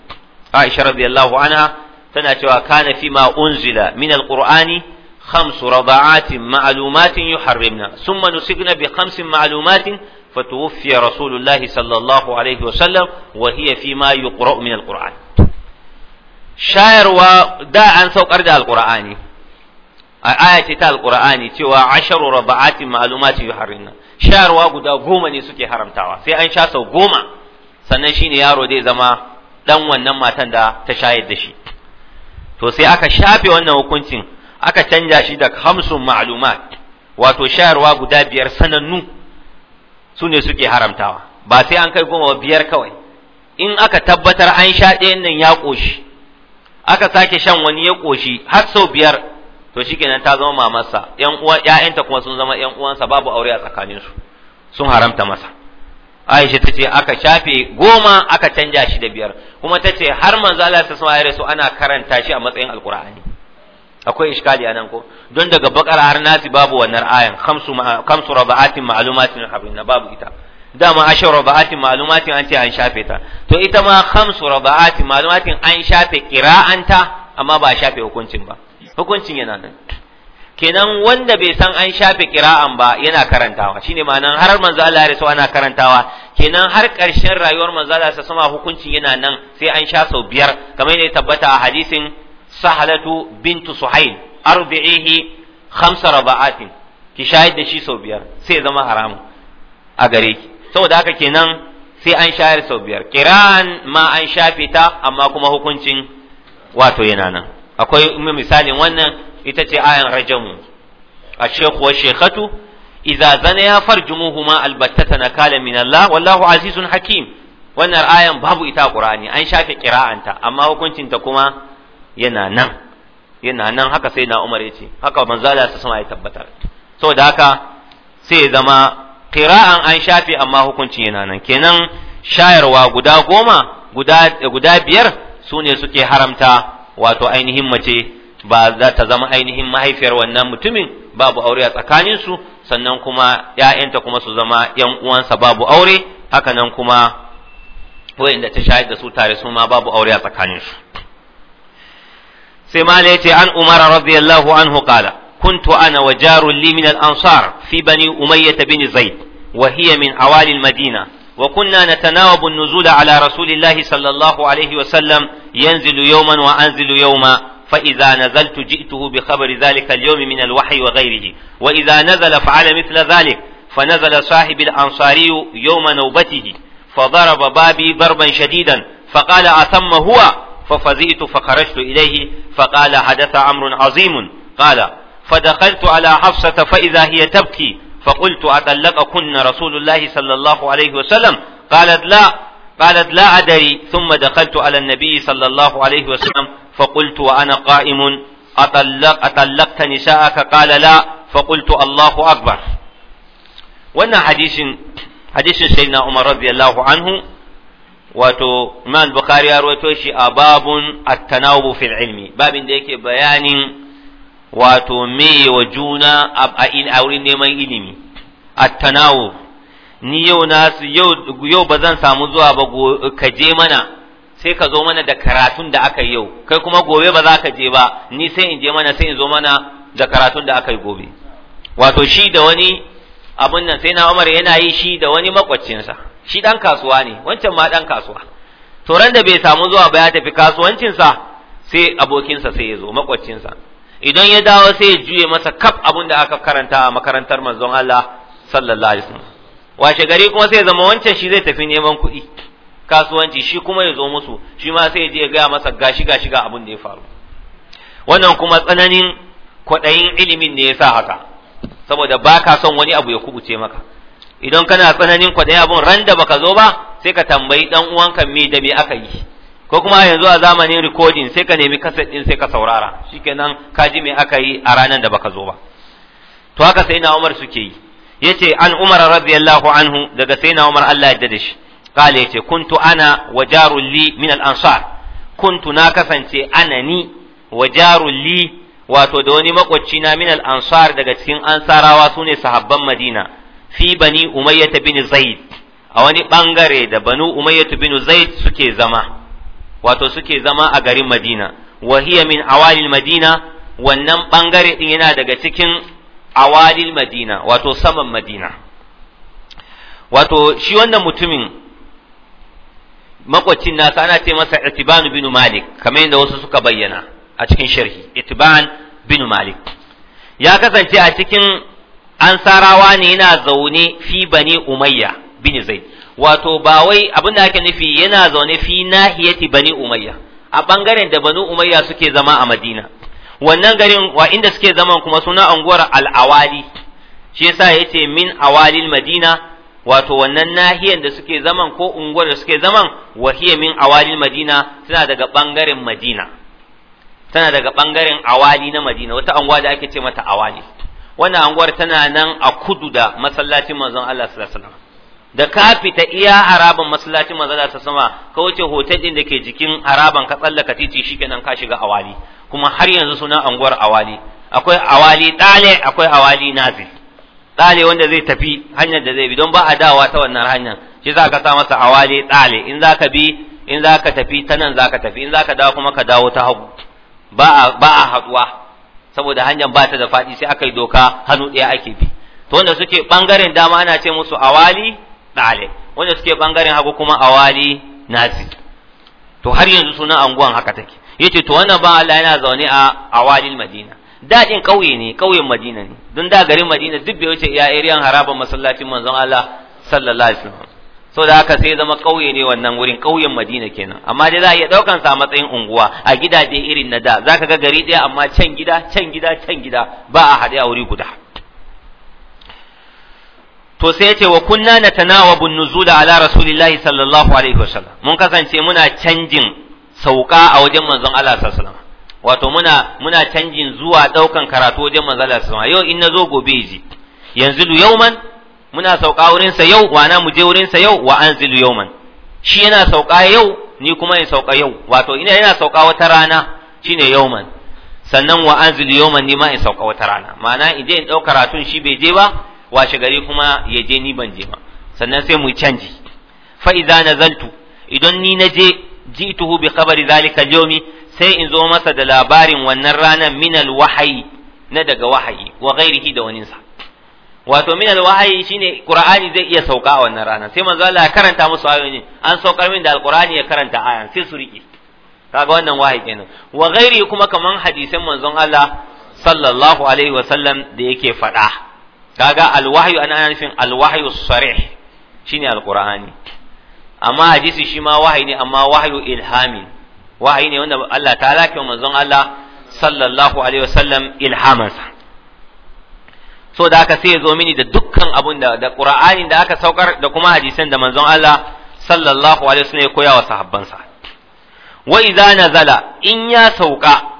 Aisha radiyallahu anha tana cewa kana fi ma unzila min alqur'ani خمس رضعات معلومات يحرمنا ثم نسقنا بخمس معلومات فتوفي رسول الله صلى الله عليه وسلم وهي فيما يقرأ من القرآن شاعر ودا أن سوكر دا القرآن آية تا القرآن تيوا عشر رضعات معلومات يحرمنا شاعر ودا قوما نسكي حرم تاوا في أن شاسو قوما سنشين يارو دي زما dan wannan matan da ta shayar da shi to sai aka shafe wannan hukuncin aka canja shi da hamsun ma'lumat wato shayarwa guda biyar sanannu su ne suke haramtawa ba sai an kai goma biyar kawai in aka tabbatar an sha ɗayan nan ya ƙoshi aka sake shan wani ya ƙoshi har sau biyar to shikenan ta zama mamarsa ƴan uwa kuma sun zama 'yan uwansa babu aure a tsakaninsu sun haramta masa Aisha ta ce aka shafe goma aka canja shi da biyar kuma ta ce har manzo Allah ta sama ya rasu ana karanta shi a matsayin alkur'ani akwai iskali anan ko don daga bakar har nasi babu wannan ayan khamsu khamsu rabaatin ma'lumatin habrinna babu ita dama ashar rabaatin ma'lumatin an ce an shafe ta to ita ma khamsu rabaatin ma'lumatin an shafe qira'anta amma ba a shafe hukuncin ba hukuncin yana nan kenan wanda bai san an shafe qira'an ba yana karantawa shine ma'anan har manzo Allah ya rasu ana karantawa kenan har ƙarshen rayuwar manzo Allah sa sama hukuncin yana nan sai an sha sau biyar kamar yadda tabbata a hadisin sahalatu bintu suhail arbi'ihi khamsa ki shayar da shi sau biyar sai zama haramu a gare kenan sai an shayar sau biyar an shafe ta amma kuma hukuncin akwai misalin wannan ita ayan rajamu a shekhu wa shekhatu idza zana ya farjumuhuma albattata hakim wannan ayan babu ita qur'ani an shafe kira'anta amma hukuncin ta kuma yana nan yana nan haka sai na Umar yace haka manzo Allah sa sama ya tabbatar da haka sai ya zama qira'an an shafe amma hukuncin yana nan kenan shayarwa guda goma guda biyar su ne suke haramta wato ainihin mace ba za ta zama ainihin mahaifiyar wannan mutumin babu aure a tsakaninsu sannan kuma ‘ya'yanta kuma su zama ‘yan uwansa babu aure haka nan kuma wa'inda ta shayar da su tare su ma babu aure a tsakaninsu sai mala عن an رضي الله عنه قال كنت أنا وجار لي من الأنصار في بني أمية بن زيد وهي من wa المدينة وكنا نتناوب النزول على رسول الله صلى الله عليه وسلم ينزل يوما وأنزل يوما فإذا نزلت جئته بخبر ذلك اليوم من الوحي وغيره وإذا نزل فعل مثل ذلك فنزل صاحب الأنصاري يوم نوبته فضرب بابي ضربا شديدا فقال أثم هو ففزئت فخرجت إليه فقال حدث أمر عظيم قال فدخلت على حفصة فإذا هي تبكي فقلت أطلقكن رسول الله صلى الله عليه وسلم قالت لا قالت لا أدري ثم دخلت على النبي صلى الله عليه وسلم فقلت وأنا قائم أطلق أطلقت نساءك قال لا فقلت الله أكبر وأن حديث حديث سيدنا عمر رضي الله عنه wato Imam Bukhari ya rawaito shi a babun at-tanawubu fil ilmi babin da yake bayanin wato me wa juna a wurin neman ilimi at-tanawub ni yau nasu yau yau bazan samu zuwa ba ka je mana sai ka zo mana da karatun da aka yau kai kuma gobe ba za ka je ba ni sai in je mana sai in zo mana da karatun da aka yi gobe wato shi da wani abun nan sai na Umar yana yi shi da wani makwaccinsa shi dan kasuwa ne wancan ma dan kasuwa to ran da bai samu zuwa ba ya tafi kasuwancinsa sai abokinsa sai ya zo makwaccinsa idan ya dawo sai ya juye masa kaf abun da aka karanta a makarantar manzon Allah sallallahu alaihi wasallam washe gari kuma sai zama wancan shi zai tafi neman kuɗi kasuwanci shi kuma ya zo musu shi ma sai ya je ya gaya masa gashi gashi ga abun da ya faru wannan kuma tsananin kwaɗayin ilimin ne ya sa haka saboda ba ka son wani abu ya kubuce maka idan kana tsananin kwaɗayin abun ran da baka zo ba sai ka tambayi dan uwanka me da me aka yi ko kuma yanzu a zamanin recording sai ka nemi cassette din sai ka saurara shikenan ka ji me aka yi a ranar da baka zo ba to haka sai na Umar suke yi yace an Umar radiyallahu anhu daga sai na Umar Allah ya dade da shi kale yace kuntu ana wa jarul li min al ansar kuntu na kasance ana ni wa jarul li wato da wani makwacci na min ansar daga cikin ansarawa su ne sahabban madina fi bani umayyata bin zaid a wani bangare da banu umayyata bin zaid suke zama wato suke zama a garin madina wa hiya min awalil madina wannan bangare din yana daga cikin awalil madina wato saman madina wato shi wannan mutumin makwacin nasa ana ce masa itibanu bin malik kamar yadda wasu suka bayyana a cikin sharhi itban bin malik ya kasance a cikin ansarawa ne yana zaune fi bani umayya bin zaid wato ba wai abin da ake nufi yana zaune fi nahiyati bani umayya a bangaren da bani umayya suke zama a madina wannan garin wa inda suke zama kuma suna unguwar al-awali shi yasa yace min awalil madina wato wannan nahiyar da suke zaman ko unguwar da suke zaman wahiyamin min awalil madina suna daga bangaren madina tana daga bangaren awali na Madina wata anguwa da ake ce mata awali wannan anguwar tana nan a kudu da masallacin manzon Allah sallallahu alaihi da ka fita iya araban masallacin manzon Allah sallallahu alaihi wasallam ka wuce hotel din da ke jikin haraban ka tsallaka titi shikenan ka shiga awali kuma har yanzu sunan anguwar awali akwai awali dale akwai awali nazil dale wanda zai tafi hanyar da zai bi don ba a dawa ta wannan hanyar shi za ka sa masa awali dale in za ka bi in za ka tafi ta nan za ka tafi in za ka dawo kuma ka dawo ta hagu ba a haɗuwa saboda hanyar ba ta da faɗi sai aka yi doka hannu ɗaya ake bi to wanda suke ɓangaren dama ana ce musu awali ɗale wanda suke ɓangaren hagu kuma awali nazi to har yanzu sunan anguwan haka take Ya ce to wannan ba Allah yana zaune a awalin madina daɗin ƙauye ne ƙauyen madina ne don da garin madina duk bai wuce iya ariyan harabar masallacin manzon Allah sallallahu alaihi wasallam so da haka sai zama ƙauye ne wannan wurin ƙauyen madina kenan amma dai za a iya daukan sa matsayin unguwa a gidaje irin na da za ka ga gari ɗaya amma can gida can gida can gida ba a haɗe a wuri guda to sai yace wa kunna natanawabu nuzula ala rasulillahi sallallahu alaihi wasallam mun kasance muna canjin sauka a wajen manzon Allah sallallahu alaihi wasallam wato muna muna canjin zuwa daukan karatu wajen manzon Allah sallallahu alaihi wasallam yau in nazo gobe ji yanzu yauman muna sauka wurinsa yau wana mu je wurinsa yau wa anzilu yawman shi yana sauka yau ni kuma in sauka yau wato ina yana sauka wata rana shine yawman sannan wa anzilu yawman ni ma in sauka wata rana ma'ana in je in ɗau karatun shi bai je ba washe gari kuma ya je ni ban je ba sannan sai mu canji fa idza nazaltu idan ni na je jituhu bi khabari zalika yawmi sai in zo masa da labarin wannan ranar minal wahayi na daga wahayi wa ghairihi da waninsa wato min alwahayi shine qur'ani zai iya sauka a wannan rana sai manzo Allah ya karanta musu ayoyin an saukar min da alqur'ani ya karanta ayan sai su rike kaga wannan wahayi kenan wa ghairi kuma kaman hadisan manzon Allah sallallahu alaihi wa sallam da yake fada kaga alwahyu ana ana nufin alwahyu sarih shine alqur'ani amma hadisi shi ma wahayi ne amma wahyu ilhami wahayi ne wanda Allah ta lafi manzon Allah sallallahu alaihi wa sallam ilhamansa so da aka sai ya zo mini da dukkan abun da da Qur'ani da aka saukar da kuma hadisan da manzon Allah sallallahu alaihi wasallam ya koya wa sahabbansa wa idza nazala in ya sauka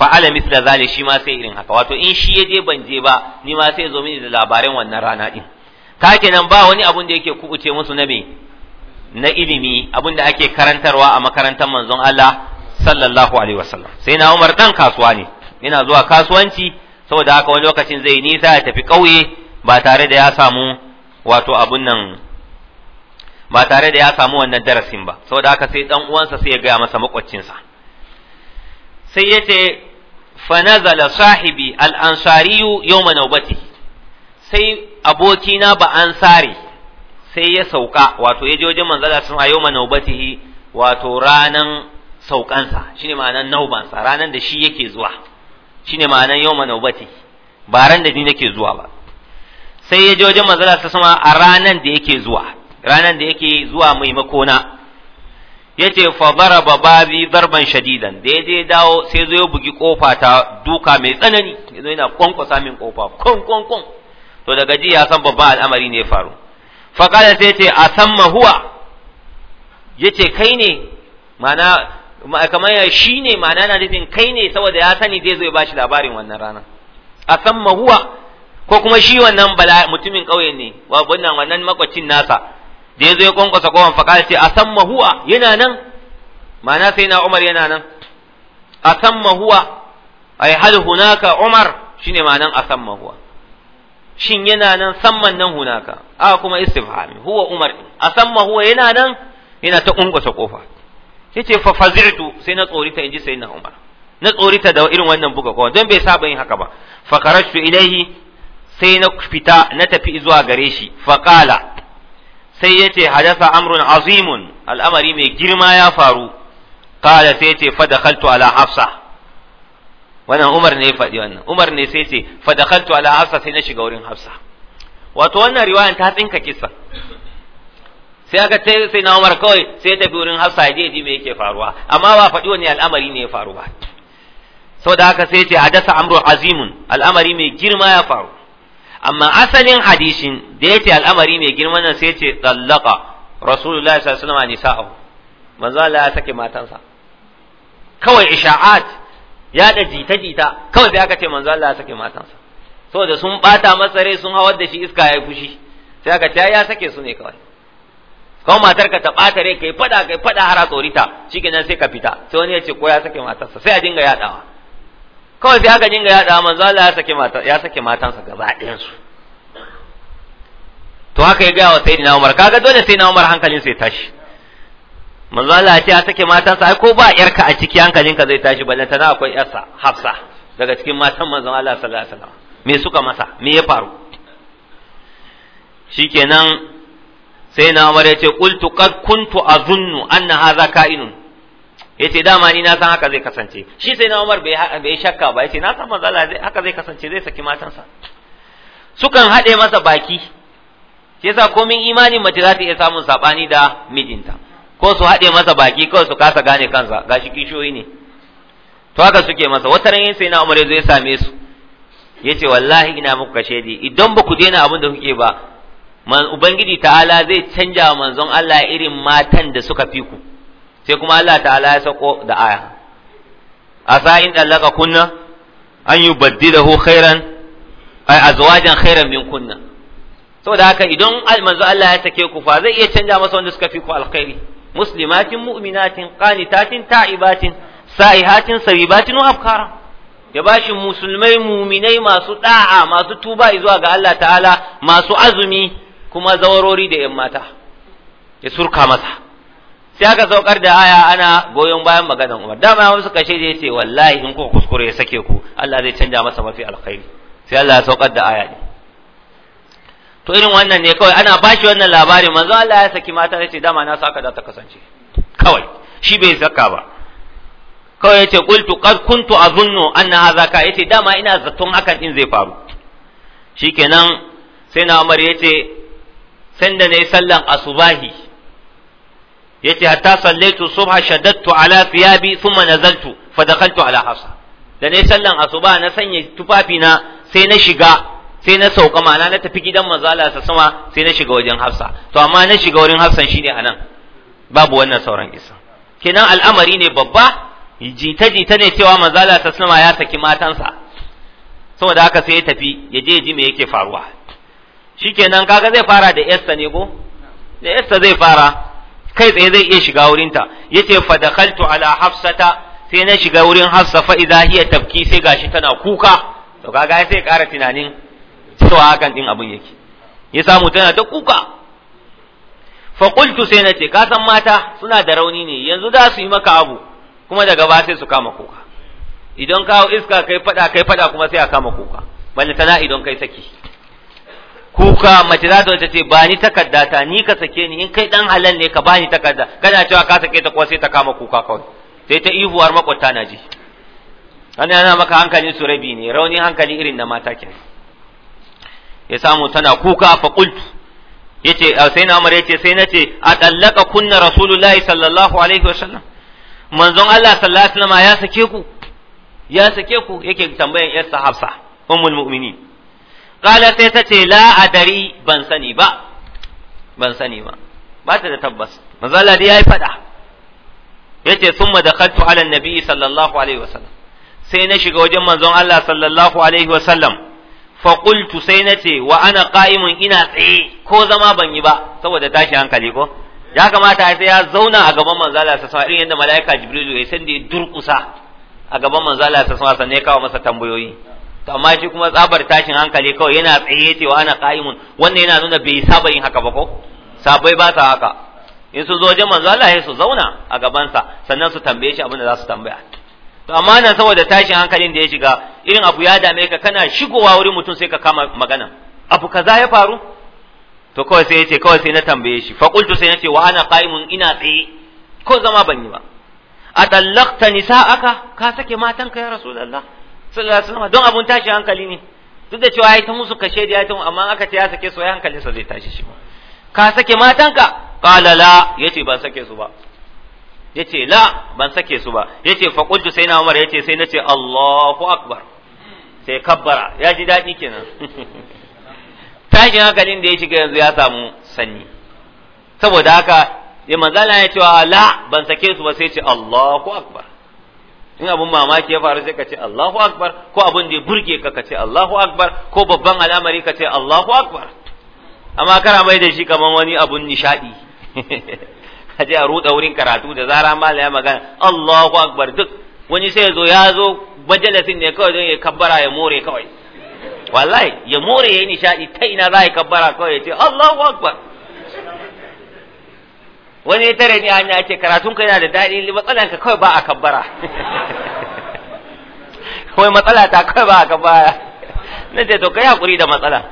ala mithla zali shi ma sai irin haka wato in shi ya je ban je ba ni ma sai ya zo mini da labarin wannan rana din ka kenan ba wani abun da yake kubuce musu na me na ilimi abun da ake karantarwa a makarantar manzon Allah sallallahu alaihi wasallam sai na Umar dan kasuwa ne yana zuwa kasuwanci saboda haka wani lokacin zai nisa ya tafi ƙauye ba tare da ya samu wato abun nan ba tare da ya samu wannan darasin ba saboda haka sai dan uwansa sai ya gaya masa makwaccinsa sai ya ce fa nazala sahibi al ansariyu yawma nawbati sai abokina ba ansari sai ya sauka wato ya je wajen manzala sun a yawma nawbati wato ranan saukansa shine ma'anan naubansa ranan da shi yake zuwa shine ma'anan yawma naubati ba ran da ni nake zuwa ba sai ya je wajen manzala ta sama a ranan da yake zuwa ranan da yake zuwa mai makona yace fa daraba babi darban shadidan da yaje dawo sai zo ya bugi kofa ta duka mai tsanani yazo yana kwankwasa min kofa kon to daga ji ya san babban al'amari ne ya faru fa kala sai yace asamma huwa yace kai ne ma'ana. kamar ya shi ne ma'ana na nufin kai ne saboda ya sani zai zo ya bashi labarin wannan rana a san mahuwa ko kuma shi wannan bala mutumin ƙauyen ne wa wannan wannan makwacin nasa da ya zo ya kwankwasa kowan faƙa ce a san mahuwa yana nan ma'ana sai na umar yana nan a san mahuwa ai hal hunaka umar shine ma'ana a san mahuwa shin yana nan samman nan hunaka a kuma istifhami huwa umar a san mahuwa yana nan yana ta kwankwasa kofa yace fa fazi'tu sai na tsorita inji sayyidina Umar na tsorita da irin wannan buga kowa don bai saba yin haka ba fa kharajtu ilaihi sai na fita na tafi zuwa gare shi fa qala sai yace hadasa amrun azimun al'amari mai girma ya faru qala sai yace fa dakhaltu ala hafsa wannan Umar ne ya faɗi wannan Umar ne sai yace fa dakhaltu ala hafsa sai na shiga wurin hafsa wato wannan riwayan ta tsinka kissa sai aka ce sai na Umar kawai sai tafi wurin Hafsa ya je ji me yake faruwa amma ba faɗi wani al'amari ne ya faru ba sau da haka sai ce hadasa amru azimun al'amari mai girma ya faru amma asalin hadishin da ya ce al'amari mai girma nan sai ce tallaka rasulullahi sallallahu alaihi wasallam nisa'ahu manzo Allah ya sake matansa kawai isha'at ya da jita jita kawai sai aka ce manzo Allah ya sake matansa saboda sun bata masa rai sun hawar da shi iska ya fushi sai aka ce ya sake su ne kawai kawai matar ka ta bata rai kai fada kai fada har a tsorita shikenan sai ka fita sai wani ya ce ko ya sake matarsa sai a dinga yadawa kawai sai aka dinga yadawa manzo Allah ya sake mata ya sake matansa gaba ɗayan su to haka ya gaya wa sayyidina Umar kaga dole sayyidina Umar hankalin sai tashi manzo Allah ya ce ya sake matansa ai ko ba yarka a ciki hankalinka zai tashi balle tana akwai yarsa Hafsa daga cikin matan manzo Allah sallallahu alaihi wasallam me suka masa me ya faru shikenan sai na umar ya ce qultu qad kuntu azunnu anna hadha ka'inun yace dama ni na san haka zai kasance shi sai na umar bai shakka ba yace na san maza Allah haka zai kasance zai saki matansa sukan haɗe masa baki shi yasa komin imanin mace za ta iya samun sabani da mijinta ko su haɗe masa baki kawai su kasa gane kansa gashi kishiyoyi ne to haka suke masa wata ran sai na umar ya zo ya same su yace wallahi ina muku kashe idan ba ku daina abin da kuke ba man ubangiji ta'ala zai canja manzon Allah irin matan da suka fi ku sai kuma Allah ta'ala ya sako da aya asa in dallaka kunna an yubaddilahu khairan ay azwajan khairan min kunna saboda haka idan manzo Allah ya sake ku fa zai iya canja masa wanda suka fi ku alkhairi muslimatin mu'minatin qanitatin ta'ibatin sa'ihatin sabibatin wa afkara. ya bashi musulmai muminai masu da'a masu tuba zuwa ga Allah ta'ala masu azumi kuma zawarori da ‘yan mata ya surka masa sai aka saukar da aya ana goyon bayan maganan umar dama ya wasu kashe zai ce wallahi in ku kuskure ya sake ku Allah zai canja masa mafi alkhairi sai Allah ya saukar da aya ne. to irin wannan ne kawai ana bashi wannan labari manzo Allah ya saki mata yace dama na saka da ta kasance kawai shi bai saka ba kawai yace kultu a kuntu an na ka yace dama ina zaton hakan in zai faru shi kenan sai na Umar ce. sanda ne sallan asubahi yace hatta sallaitu subha shaddattu ala thiyabi thumma nazaltu fa dakhaltu ala hafsa da ne sallan asuba na sanya tufafi na sai na shiga sai na sauka ma'ana na tafi gidan manzala sa sama sai na shiga wajen hafsa to amma na shiga wurin hafsan shine anan babu wannan sauran isa kenan al'amari ne babba jita jita ne cewa manzala sa sama ya saki matansa saboda haka sai ya tafi ya je ji me yake faruwa Shi shikenan kaga zai fara da yasta ne ko da yasta zai fara kai tsaye zai iya shiga wurinta yace fa dakhaltu ala hafsata sai na shiga wurin hafsa fa idza hiya tabki sai gashi tana kuka to kaga sai ƙara tunanin cewa hakan din abun yake ya samu tana ta kuka fa qultu sai na ce ka san mata suna da rauni ne yanzu za su yi maka abu kuma daga ba sai su kama kuka idan kawo iska kai fada kai fada kuma sai a kama kuka balle tana idan kai saki kuka mace za ta ce ba ni takarda ta ni ka sake ni in kai dan halal ne ka ba ni takarda kana cewa ka sake ta kuma sai ta kama kuka kawai sai ta ihu har na ji ana yana maka hankalin su rabi ne rauni hankali irin na mata kenan ya samu tana kuka fa qultu yace sai na amare yace sai nace a dallaka kunna rasulullahi sallallahu alaihi wasallam manzon Allah sallallahu alaihi wasallam ya sake ku ya sake ku yake tambayan yar sahabsa ummul mu'minin qala sai ta ce la adari ban sani ba ban sani ba ba ta da tabbas manzo Allah ya yi fada yace summa dakhaltu ala nabi sallallahu alaihi wasallam sai na shiga wajen manzon Allah sallallahu alaihi wasallam fa qultu sai na ce wa ana qa'imun ina tsaye ko zama ban yi ba saboda tashi hankali ko ya kamata sai ya zauna a gaban manzo Allah sallallahu yadda malaika jibrilu ya sanda ya durkusa a gaban manzo Allah sallallahu alaihi wasallam ne kawo masa tambayoyi to amma shi kuma tsabar tashin hankali kawai yana tsaye ce wa ana qa'imun wannan yana nuna bai saba yin haka ba ko sabai ba sa haka in su zo wajen manzo Allah su zauna a gaban sa sannan su tambaye shi abinda za su tambaya to amma nan saboda tashin hankalin da ya shiga irin abu ya dame ka kana shigowa wurin mutum sai ka kama magana abu kaza ya faru to kawai sai ya ce kawai sai na tambaye shi fa qultu sai na ce wa ana qa'imun ina tsaye ko zama ban yi ba a nisa'aka ka sake matanka ya rasulullah sallallahu alaihi wasallam don abun tashi hankali ne duk da cewa ai ta musu kashe da ya ta amma aka ce ya sake su yayi sa zai tashi shi ba ka sake matanka qala la yace ban sake su ba yace la ban sake su ba yace fa qultu sai na Umar yace sai nace Allahu akbar sai kabbara ya ji dadi kenan tashin hankalin da ya shiga yanzu ya samu sanni saboda haka ya manzala ya cewa la ban sake su ba sai ce Allahu akbar in abun mamaki ya faru sai ka ce Allahu akbar ko abun da ya burge ka ka ce Allahu akbar ko babban al'amari ka ce Allahu akbar amma kana mai da shi kamar wani abun nishadi ka je a ruɗa wurin karatu da zara malama ya magana Allahu akbar duk wani sai ya zo ya zo majalisin ne kawai don ya kabbara ya more kawai wallahi ya more ya yi nishadi ta ina za ya kabbara kawai ya ce Allahu akbar wani ya tare ni a hanya ake karatun ka yana da daɗi matsalan ka kawai ba a kabbara wai matsala ta kawai ba a kabbara na ce to kai hakuri da matsala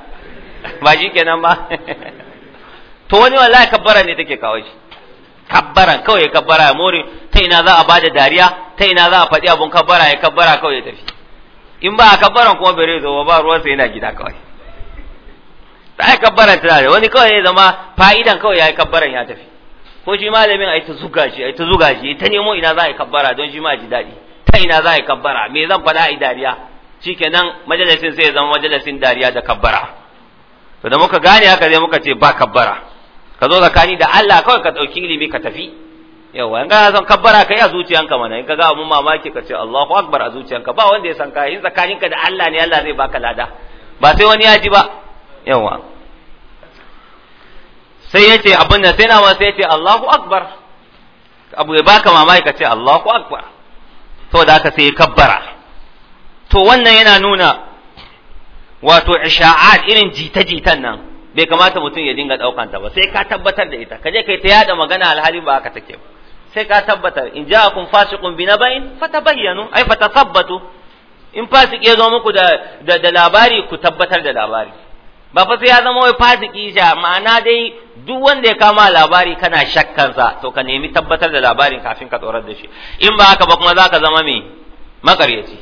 ba shi kenan ba to wani wallahi kabbara ne take kawo shi kabbara kawai ya kabbara ya more ta ina za a ba da dariya ta ina za a faɗi abun kabbara ya kabbara kawai ya tafi in ba a kabbaran kuma bai zo ba ruwan sa yana gida kawai ta ai kabbaran tana da wani kawai ya zama fa'idan kawai ya yi kabbaran ya tafi ko shi malamin ai ta zuga shi ai ta zuga shi ta nemo ina za a yi kabbara don shi ma ji daɗi ta ina za a yi kabbara me zan faɗa a yi dariya kenan majalisin sai ya zama majalisin dariya da kabbara to da muka gane haka zai muka ce ba kabbara ka zo tsakani da Allah kawai ka ɗauki ilimi ka tafi yawa in ka san kabbara kai a zuciyanka mana in ka ga abun mamaki ka ce Allahu akbar a zuciyanka ba wanda ya san ka in tsakaninka da Allah ne Allah zai baka lada ba sai wani ya ji ba yawa sai ya ce abin da sai na ma sai ya ce Allahu akbar abu ya baka mamaki ka ce Allahu akbar to da aka sai ya kabbara to wannan yana nuna wato isha'at irin jita-jitan nan bai kamata mutum ya dinga daukan ta ba sai ka tabbatar da ita ka je kai ta yada magana alhali ba haka take ba sai ka tabbatar in ja'akum fasiqun binaba'in fatabayyanu ay fatasabbatu in fasik ya zo muku da da labari ku tabbatar da labari ba fa sai ya zama wai fasiki ja ma'ana dai duk wanda ya kama labari kana shakkansa to ka nemi tabbatar da labarin kafin ka tsorar da shi in ba haka ba kuma za ka zama mai makaryaci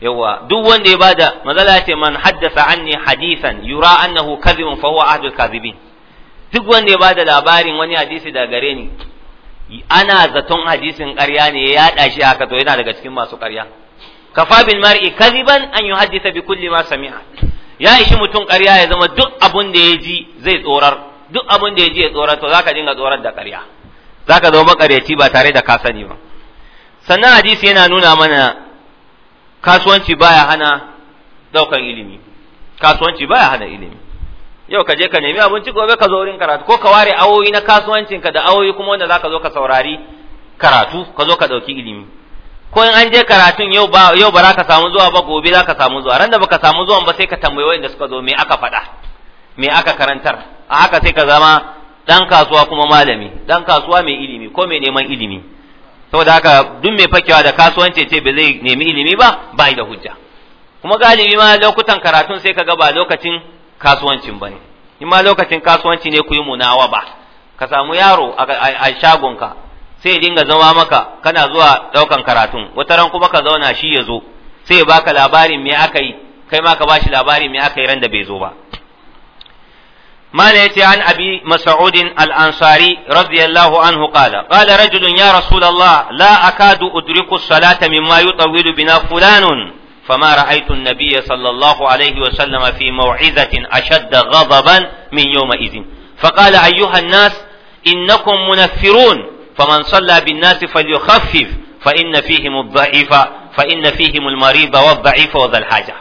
yawa duk wanda ya bada mazala ce man haddasa anni hadisan yura annahu kadhibun fa huwa ahdul kadhibin duk wanda ya bada labarin wani hadisi da gare ni ana zaton hadisin ƙarya ne ya yada shi haka to yana daga cikin masu ƙarya kafa bil mar'i kadhiban an yuhaddisa bi kulli ma sami'a ya ishi mutum ƙarya ya zama duk abun da ya ji zai tsorar duk abun da ya ji ya tsorar to zaka dinga tsorar da ƙarya zaka zama makaryaci ba tare da ka sani ba sannan hadisi yana nuna mana kasuwanci baya hana daukan ilimi kasuwanci baya hana ilimi yau ka je ka nemi abinci gobe ka zo wurin karatu ko ka ware awoyi na kasuwancinka da awoyi kuma wanda zaka zo ka saurari karatu ka zo ka ɗauki ilimi ko in an je karatun yau ba yau ba za ka samu zuwa ba gobe za ka samu zuwa ran baka samu zuwa ba sai ka tambayi wanda suka zo me aka faɗa me aka karantar a haka sai ka zama dan kasuwa kuma malami dan kasuwa mai ilimi ko mai neman ilimi saboda haka duk mai fakewa da kasuwanci ce ba zai nemi ilimi ba bai da hujja kuma galibi ma lokutan karatun sai ka ga ba lokacin kasuwancin bane in ma lokacin kasuwanci ne ku yi munawa ba ka samu yaro a shagonka sai dinga zama maka kana zuwa daukan karatun wata ran kuma ka zauna shi ya zo sai baka labarin me aka yi kai ma ka bashi labarin me aka yi ran da bai zo ba ماذا عن أبي مسعود الأنصاري رضي الله عنه قال قال رجل يا رسول الله لا أكاد أدرك الصلاة مما يطول بنا فلان فما رأيت النبي صلى الله عليه وسلم في موعظة أشد غضبا من يومئذ فقال أيها الناس إنكم منفرون faman salla bin nasi falyukhaffif fa inna fihim ad-da'ifa fa inna fihim haja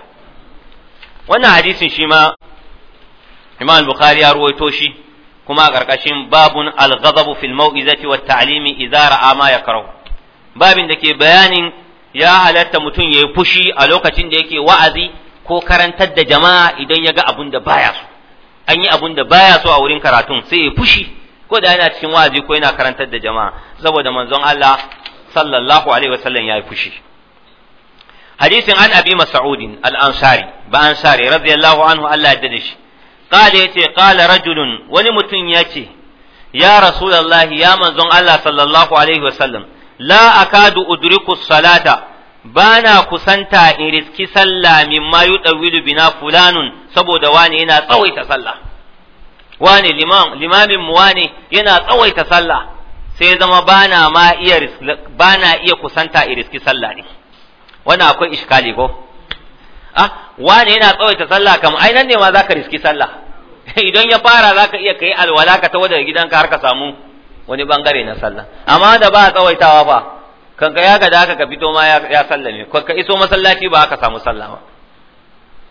wannan hadisin shi ma Imam Bukhari ya ruwaito shi kuma a karkashin babun al-ghadabu fil mau'izati wat ta'limi idza ra'a ma yakrahu babin da ke bayanin ya halatta mutum yayi fushi a lokacin da yake wa'azi ko karantar da jama'a idan ya ga abun da baya so an yi abun da baya so a wurin karatun sai ya fushi ko da yana cikin wa'azi ko yana karantar da jama'a saboda manzon Allah sallallahu alaihi wasallam yi fushi hadisin an abi mas'ud al-ansari ba ansari radiyallahu anhu Allah ya dade shi qala yace qala rajulun wani mutum yace ya rasulullahi ya manzon Allah sallallahu alaihi wasallam la akadu udriku salata bana kusanta in riski sallah mimma yudawilu bina fulanun saboda wani yana tsawaita sallah Wani liman limamin mu yana tsawaita sallah sai zama bana ma iya bana iya kusanta iriski sallah ne wannan akwai iskali ko ah wani yana tsawaita sallah kam ai nan ne ma zaka riski sallah idan ya fara zaka iya kai alwala ka ta daga gidanka har ka samu wani bangare na sallah amma da ba tsawaitawa ba kanka ya ga ka fito ma ya sallame ka iso masallaci ba ka samu sallah ba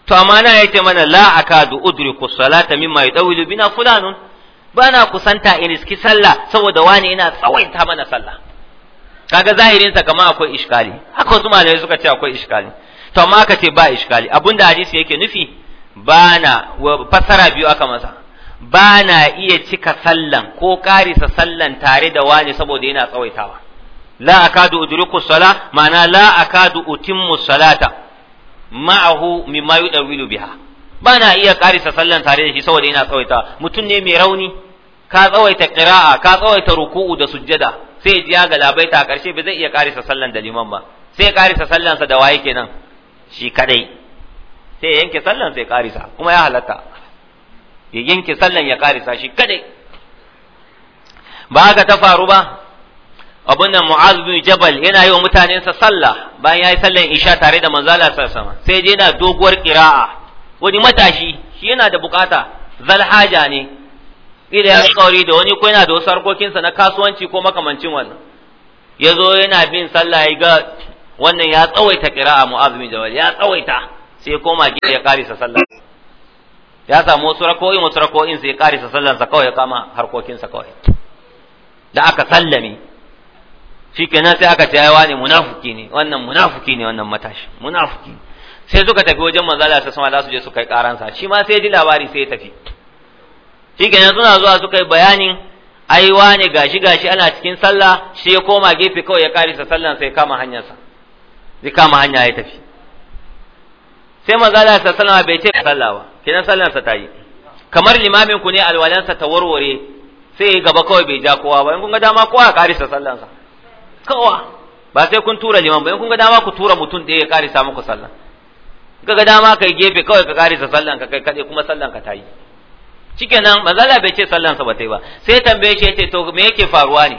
to amma na yace mana la akadu udriku salata mimma yudawilu bina fulanun bana kusanta in iski sallah saboda wani ina tsawaita mana sallah kaga zahirin sa kamar akwai iskali haka wasu malamai suka ce akwai iskali to amma aka ce ba iskali abinda hadisi yake nufi bana fassara biyu aka masa bana iya cika sallan ko karisa sallan tare da wani saboda yana tsawaitawa la akadu udriku sala ma'ana la akadu utimmu salata ma'ahu mimma yudawilu biha bana iya karisa sallan tare da shi saboda ina tsawaita mutum ne mai rauni ka tsawaita qira'a ka tsawaita ruku'u da sujjada sai ji ya galabaita a karshe ba zai iya karisa sallan da liman ba sai karisa sallan sa da waye kenan shi kadai sai yanke sallan sai karisa kuma ya halatta ya yanke sallan ya karisa shi kadai ba ka ta faru ba abun nan Mu'az bin Jabal yana yi wa mutanensa sallah bayan ya yi sallan Isha tare da manzo Allah sallallahu sai je yana doguwar qira'a wani matashi shi yana da bukata zalhaja ne ila ya kauri da wani ko yana da wasu harkokinsa na kasuwanci ko makamancin wannan yazo yana bin sallah ya ga wannan ya tsawaita qira'a Mu'az bin Jabal ya tsawaita sai koma gida ya karisa sallah ya samu wasu rako'in wasu rako'in sai ya karisa sallansa kawai ya kama harkokinsa kawai da aka sallame shikenan sai aka ce ai ne munafuki ne wannan munafuki ne wannan matashi munafuki sai suka tafi wajen manzo Allah sallallahu alaihi wasallam su je su kai karansa shi ma sai ji labari sai ya tafi shikenan suna zuwa su kai bayanin ai wani gashi gashi ana cikin sallah sai ya koma gefe kawai ya karisa sallan sai kama hanyarsa zai kama hanya ya tafi sai manzo Allah sallallahu alaihi wasallam bai ce sallah ba kidan sallansa ta yi kamar limamin ku ne alwalansa ta warware sai gaba kawai bai ja kowa ba in kun ga dama kowa karisa sa kowa ba sai kun tura liman ba in kun ga dama ku tura mutum da ya karisa muku sallah ka ga dama kai gefe kawai ka karisa sallan ka kai kaɗai kuma sallan ka tayi cikenan manzala bai ce sallan sa ba yi ba sai tambaye shi yace to me yake faruwa ne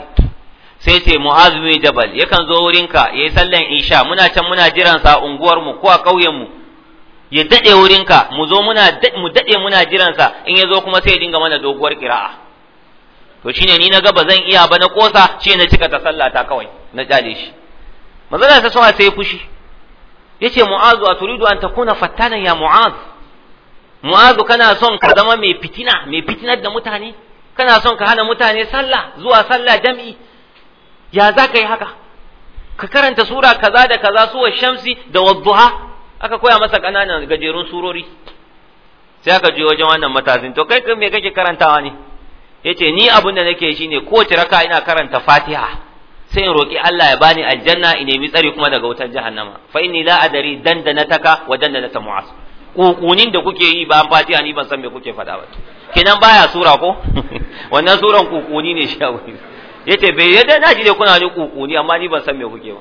sai ce mu'az bin jabal yakan zo wurinka yayi sallan isha muna can muna jiran sa unguwar mu ko a kauyen mu ya dade wurinka mu zo muna mu dade muna jiran sa in ya zo kuma sai ya dinga mana doguwar kira'a to shine ni na ga zan iya ba na kosa shi na cika ta sallata kawai na kyale shi manzon Allah sallallahu alaihi sai fushi yace mu'azu a turidu an takuna fattanan ya mu'az mu'azu kana son ka zama mai fitina mai fitinar da mutane kana son ka hana mutane sallah zuwa sallah jam'i ya za ka yi haka ka karanta sura kaza da kaza suwa shamsi da wadduha aka koya masa ƙananan gajerun surori sai aka je wajen wannan matasin to kai me kake karantawa ne yace ni abin da nake ne kowace raka ina karanta fatiha sai in roki Allah ya bani aljanna in nemi tsari kuma daga wutar jahannama fa inni la adari dandanataka wa dandanata mu'as kukunin da kuke yi ba an fatiha ni ban san me kuke faɗa ba kenan baya sura ko wannan suran kukuni ne shi yace bai yadda na ji kuna ni kukuni amma ni ban san me kuke ba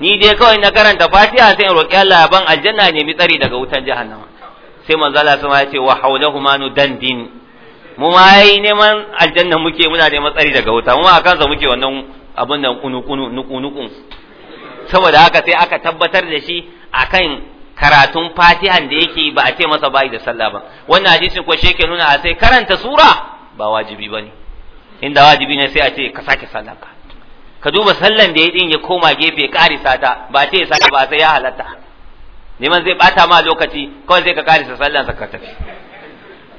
ni dai kawai na karanta fatiha sai in roki Allah ya ban aljanna nemi tsari daga wutar jahannama sai manzo Allah sama ya ce wa hawlahuma nu dandin mu ma yi neman aljanna muke muna neman tsari daga wuta mu akan sa muke wannan abin nan kunu-kunu nuku saboda haka sai aka tabbatar da shi akan karatun fatihan da yake ba a ce masa bai da sallah ba wannan hadisin ko shi yake nuna a sai karanta sura ba wajibi ba ne inda wajibi ne sai a ce ka sake sallah ka ka duba sallan da ya din ya koma gefe karisa ta ba ce ya sake ba sai ya halatta neman zai bata ma lokaci kawai sai ka karisa sallan sa ka tafi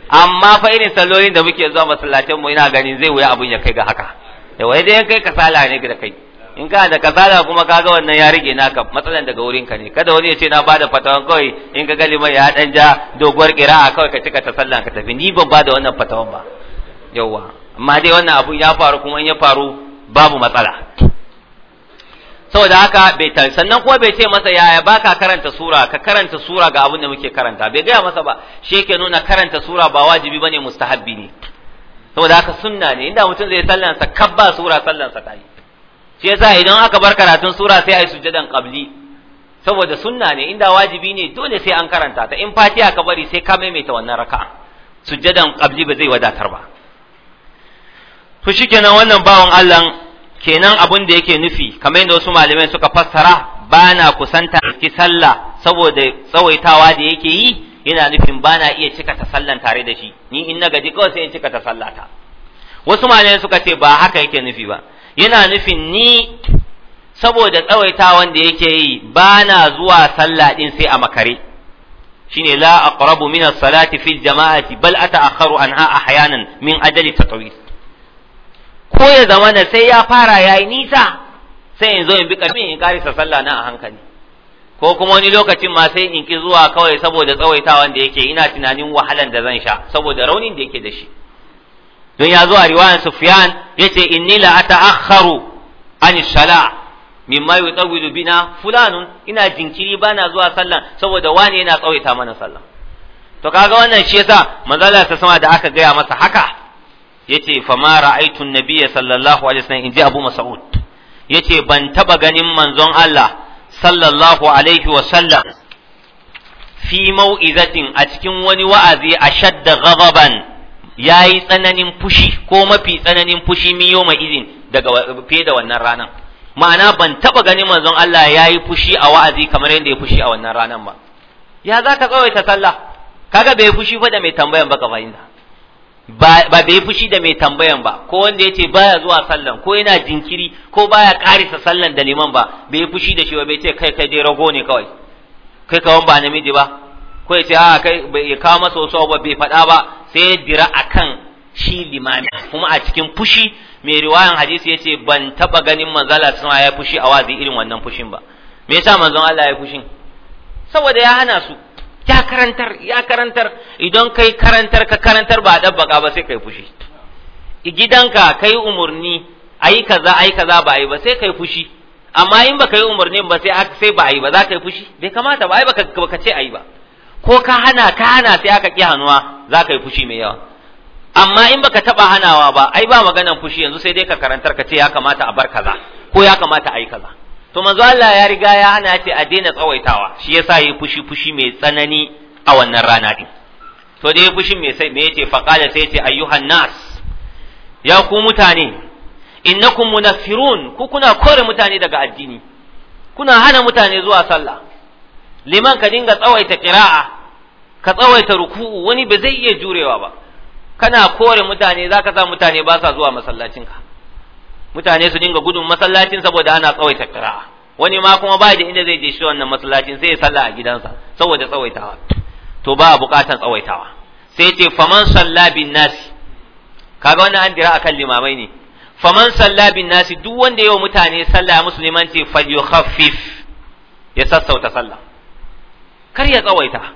amma fa irin sallolin da muke zuwa masallacin mu ina ganin zai wuya abun ya kai ga haka yawa dai kai kasala ne da kai in ka da kasala kuma ka ga wannan ya rige naka matsalan daga wurin ka ne kada wani ya ce na bada fatawan kawai in ka gali mai ya dan ja doguwar kira kawai ka cika ta sallan ka tafi ni ban bada wannan fatawan ba yawa amma dai wannan abu ya faru kuma in ya faru babu matsala saboda haka bai ta sannan kuma bai ce masa yaya baka karanta sura ka karanta sura ga abin da muke karanta bai gaya masa ba shi yake nuna karanta sura ba wajibi bane mustahabbi ne saboda haka sunna ne inda mutum zai sa kabba sura sallan sa yi shi yasa idan aka bar karatun sura sai ayi sujudan sujjadan qabli saboda sunna ne inda wajibi ne dole sai an karanta ta in fatiha ka bari sai ka maimaita wannan raka'a sujjadan qabli ba zai wadatar ba to shikenan wannan bawan Allah kenan abun da yake nufi kamar yadda wasu malamai suka fassara bana kusanta ki sallah saboda tsawaitawa da yake yi ina nufin bana iya cika ta sallan tare da shi ni in na gaji kawai sai in cika ta sallata wasu malamai suka ce ba haka yake nufi ba yana nufin ni saboda tsawaita da yake yi bana zuwa sallah din sai a makare shine la aqrabu min as-salati fi jama'ati bal ata'akharu anha ahyanan min ajali tatawis ko ya zama na sai ya fara yayi nisa sai in zo in bi karfi in karisa sallah na a hankali ko kuma wani lokacin ma sai in ki zuwa kawai saboda tsawaitawan da yake ina tunanin wahalan da zan sha saboda raunin da yake da shi don ya zuwa riwayan sufyan yace inni la ata'akhkharu an shala mimma yutawwilu bina fulanun ina jinkiri bana zuwa sallan saboda wani yana tsawaita mana sallah to kaga wannan shi yasa manzala ta sama da aka gaya masa haka yace fa ma ra'aytu an-nabiyya sallallahu alaihi wasallam inji abu mas'ud yace ban taba ganin manzon Allah sallallahu alaihi wasallam fi mau'izatin a cikin wani wa'azi a shadda gababan ya yi tsananin fushi ko mafi tsananin fushi miyo mai izin daga fiye da wannan ranar ma'ana ban taɓa ganin manzon Allah ya yi fushi a wa'azi kamar yadda ya fushi a wannan ranar ba ya za ka tsawaita sallah kaga bai fushi fa da mai tambayan baka fahimta ba bai fushi da mai tambayan ba ko wanda ya ce baya zuwa sallan ko yana jinkiri ko baya karisa sallan da liman ba bai fushi da shi ba bai ce kai kai dai rago ne kawai kai kawan ba namiji ba ko ya ce a kai bai kawo masa wasu ba bai faɗa ba sai ya dira kan shi limami kuma a cikin fushi mai riwayan hadisi ce ban taba ganin manzala sun ya fushi a wazi irin wannan fushin ba me yasa manzon Allah ya fushin saboda ya hana su ya karantar ya karantar idan kai karantar ka karantar ba dabbaka ba sai kai fushi gidanka kai umurni ayi kaza ayi kaza ba ayi ba sai kai fushi amma in baka yi umarnin ba sai sai ba ayi ba za ka yi fushi bai kamata ba ai baka baka ce ayi ba ko ka hana ka hana sai aka ki hannuwa za ka yi fushi mai yawa amma in baka taba hanawa ba ai ba maganan fushi yanzu sai dai ka karantar ka ce ya kamata a bar kaza ko ya kamata ayi kaza to manzo Allah ya riga ya hana ce a daina tsawaitawa shi yasa yi fushi fushi mai tsanani a wannan rana din to da ya fushi mai sai me yace fa qala sai yace ayyuhan nas ya ku mutane innakum munafirun ku kuna kore mutane daga addini kuna hana mutane zuwa sallah liman ka dinga tsawaita qira'a ka tsawaita ruku'u wani ba zai iya jurewa ba kana kore mutane zaka sa mutane ba sa zuwa masallacinka mutane su dinga gudun masallacin saboda ana tsawaita qira'a wani ma kuma ba da inda zai je shi wannan masallacin sai ya salla a gidansa saboda tsawaitawa to ba buƙatar tsawaitawa sai ce faman salla bin nasi kaga wannan an dira akan limamai ne faman salla bin nasi duk wanda yawa mutane salla musulman ce falyukhaffif ya sassauta sallah kar ya tsawaita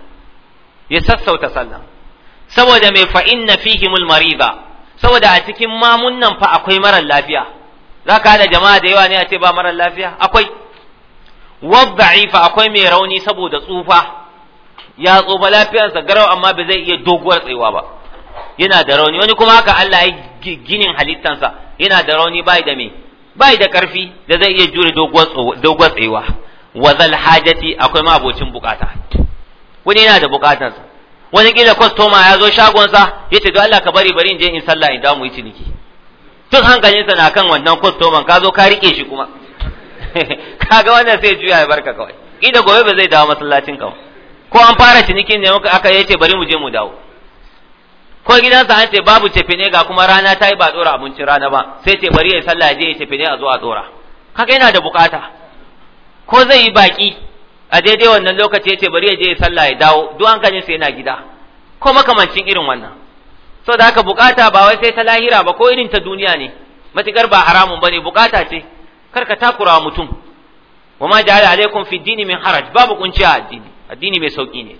ya sassauta sallah saboda mai fa inna fihimul mariba saboda a cikin mamun nan fa akwai marar lafiya za ka da jama'a da yawa ne a ce ba marar lafiya akwai wadda'ifa akwai mai rauni saboda tsufa ya tsufa lafiyarsa garau amma ba zai iya doguwar tsayuwa ba yana da rauni wani kuma haka Allah ya ginin halittansa yana da rauni bai da me bai da karfi da zai iya jure doguwar tsayuwa wa zal hajati akwai ma abocin bukata wani yana da bukatarsa wani kila kwastoma ya zo shagonsa ya ce Allah ka bari bari in je in sallah in damu yi ciniki duk hankalinsa na kan wannan kwastoman ka zo ka rike shi kuma kaga wannan sai juya ya barka kawai kila gobe ba zai dawo masallacin ka ko an fara cinikin ne aka yace bari mu je mu dawo ko gidansa an ce babu cefene ga kuma rana ta yi ba tsora abincin rana ba sai ce bari ya sallah je ya cefene a zo a tsora kaga yana da bukata ko zai yi baki a daidai wannan lokaci ya ce bari ya je ya sallah ya dawo duk hankalinsa yana gida ko makamancin irin wannan so da haka bukata ba wai sai ta lahira ba ko irin ta duniya ne matukar ba haramun ne bukata ce Karka ka takura mutum wa ma ja'ala alaikum fi dini min haraj babu kunciya addini addini mai sauki ne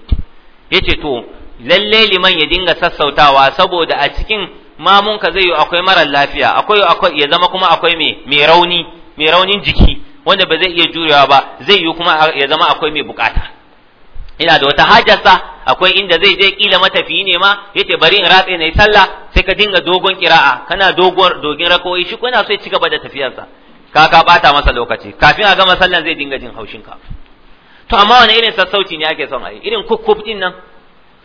yace to lalle liman ya dinga sassautawa saboda a cikin mamunka zai yi akwai marar lafiya akwai akwai ya zama kuma akwai mai mai rauni mai raunin jiki wanda ba zai iya jurewa ba zai yi kuma ya zama akwai mai bukata ina da wata hajarsa akwai inda zai je kila matafiyi ne ma yace bari in ratse ne sallah sai ka dinga dogon kira'a kana dogon dogin rakoyi shi yana so ya ci gaba da tafiyarsa ka ka bata masa lokaci kafin a gama sallan zai dinga jin haushin ka to amma wani irin sassauci ne ake son a yi irin kukkuf din nan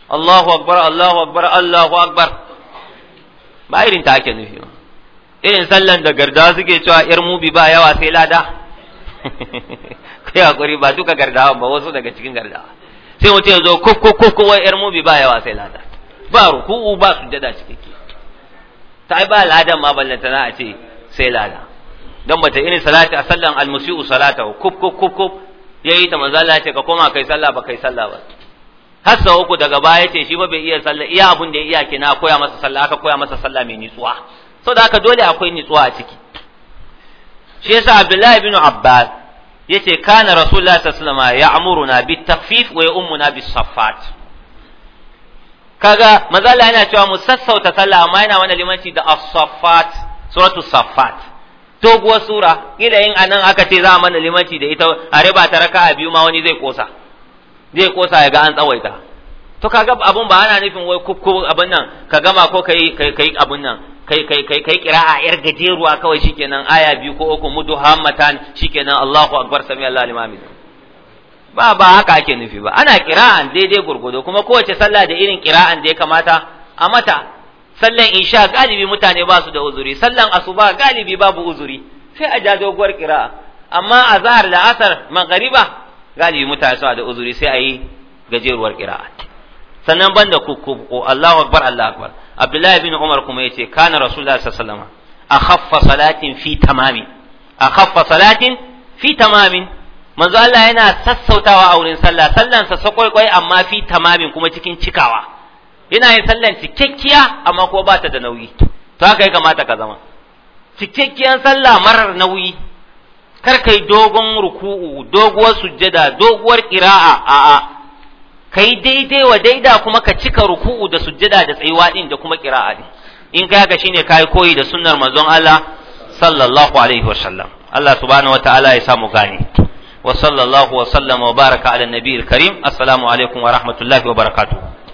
Allahu akbar Allahu akbar Allahu akbar ba irin ta ake nufi ba irin sallan da garda suke cewa yar mubi ba yawa sai lada kai hakuri ba duka gardawa ba wasu daga cikin gardawa sai mutum ya zo kuf kuf wai yar mubi ba yawa sai lada ba ruku'u ba ciki cikakke ta ai ba lada ma ballanta na a ce sai lada dan bata irin salati a sallan almusiu salata kuf kuf kuf kuf yayi ta manzo Allah ce ka koma kai sallah ba kai sallah ba har sau uku daga baya ce shi ba bai iya sallah iya abun da ya iya kina koya masa sallah aka koya masa sallah mai nitsuwa saboda haka dole akwai nitsuwa a ciki shi yasa Abdullahi ibn Abbas yace kana rasulullahi sallallahu alaihi wasallam ya'muruna bit wa ya'muna bis saffat kaga maza Allah yana cewa mu sassauta sallah amma yana wani limanci da as-saffat suratu saffat doguwar sura ila yin anan aka ce za a mana limanci da ita a riba ta raka'a biyu ma wani zai kosa zai kosa ya ga an tsawaita to kaga abun ba ana nufin wai ko abun nan ka gama ko kai kai kai abun nan kai kai kai kai kira'a yar gajeruwa kawai shikenan aya biyu ko uku hamatan shikenan Allahu akbar sami Allah limamin ba ba haka ake nufi ba ana kira'a daidai gurgudo kuma kowace sallah da irin kira'a da ya kamata a mata sallan isha galibi mutane ba su da uzuri sallan asuba galibi babu uzuri sai a ja doguwar kira'a amma azhar da asar magariba galibi mutane suna da uzuri sai a yi gajeruwar kira'a sannan banda kukuku Allahu akbar Allahu akbar Abdullahi bin Umar kuma yace kana Rasulullahi sallallahu alaihi wasallam akhaffa salatin fi tamamin akhaffa salatin fi tamamin manzo Allah yana sassautawa a wurin sallah sallan sa sakwaikwai amma fi tamamin kuma cikin cikawa yana yin sallan cikakkiya amma kuma ba ta da nauyi to haka ya kamata ka zama cikakkiyan sallah marar nauyi kar kai dogon ruku'u doguwar sujjada doguwar qira'a a'a kai daidai wa daida kuma ka cika ruku'u da sujjada da tsayuwa din da kuma qira'a din in ka ga shine kai koyi da sunnar manzon Allah sallallahu alaihi wa sallam Allah subhanahu wataala ya samu gani wa sallallahu wa sallama wa baraka ala nabiyil karim assalamu alaikum wa rahmatullahi wa barakatuh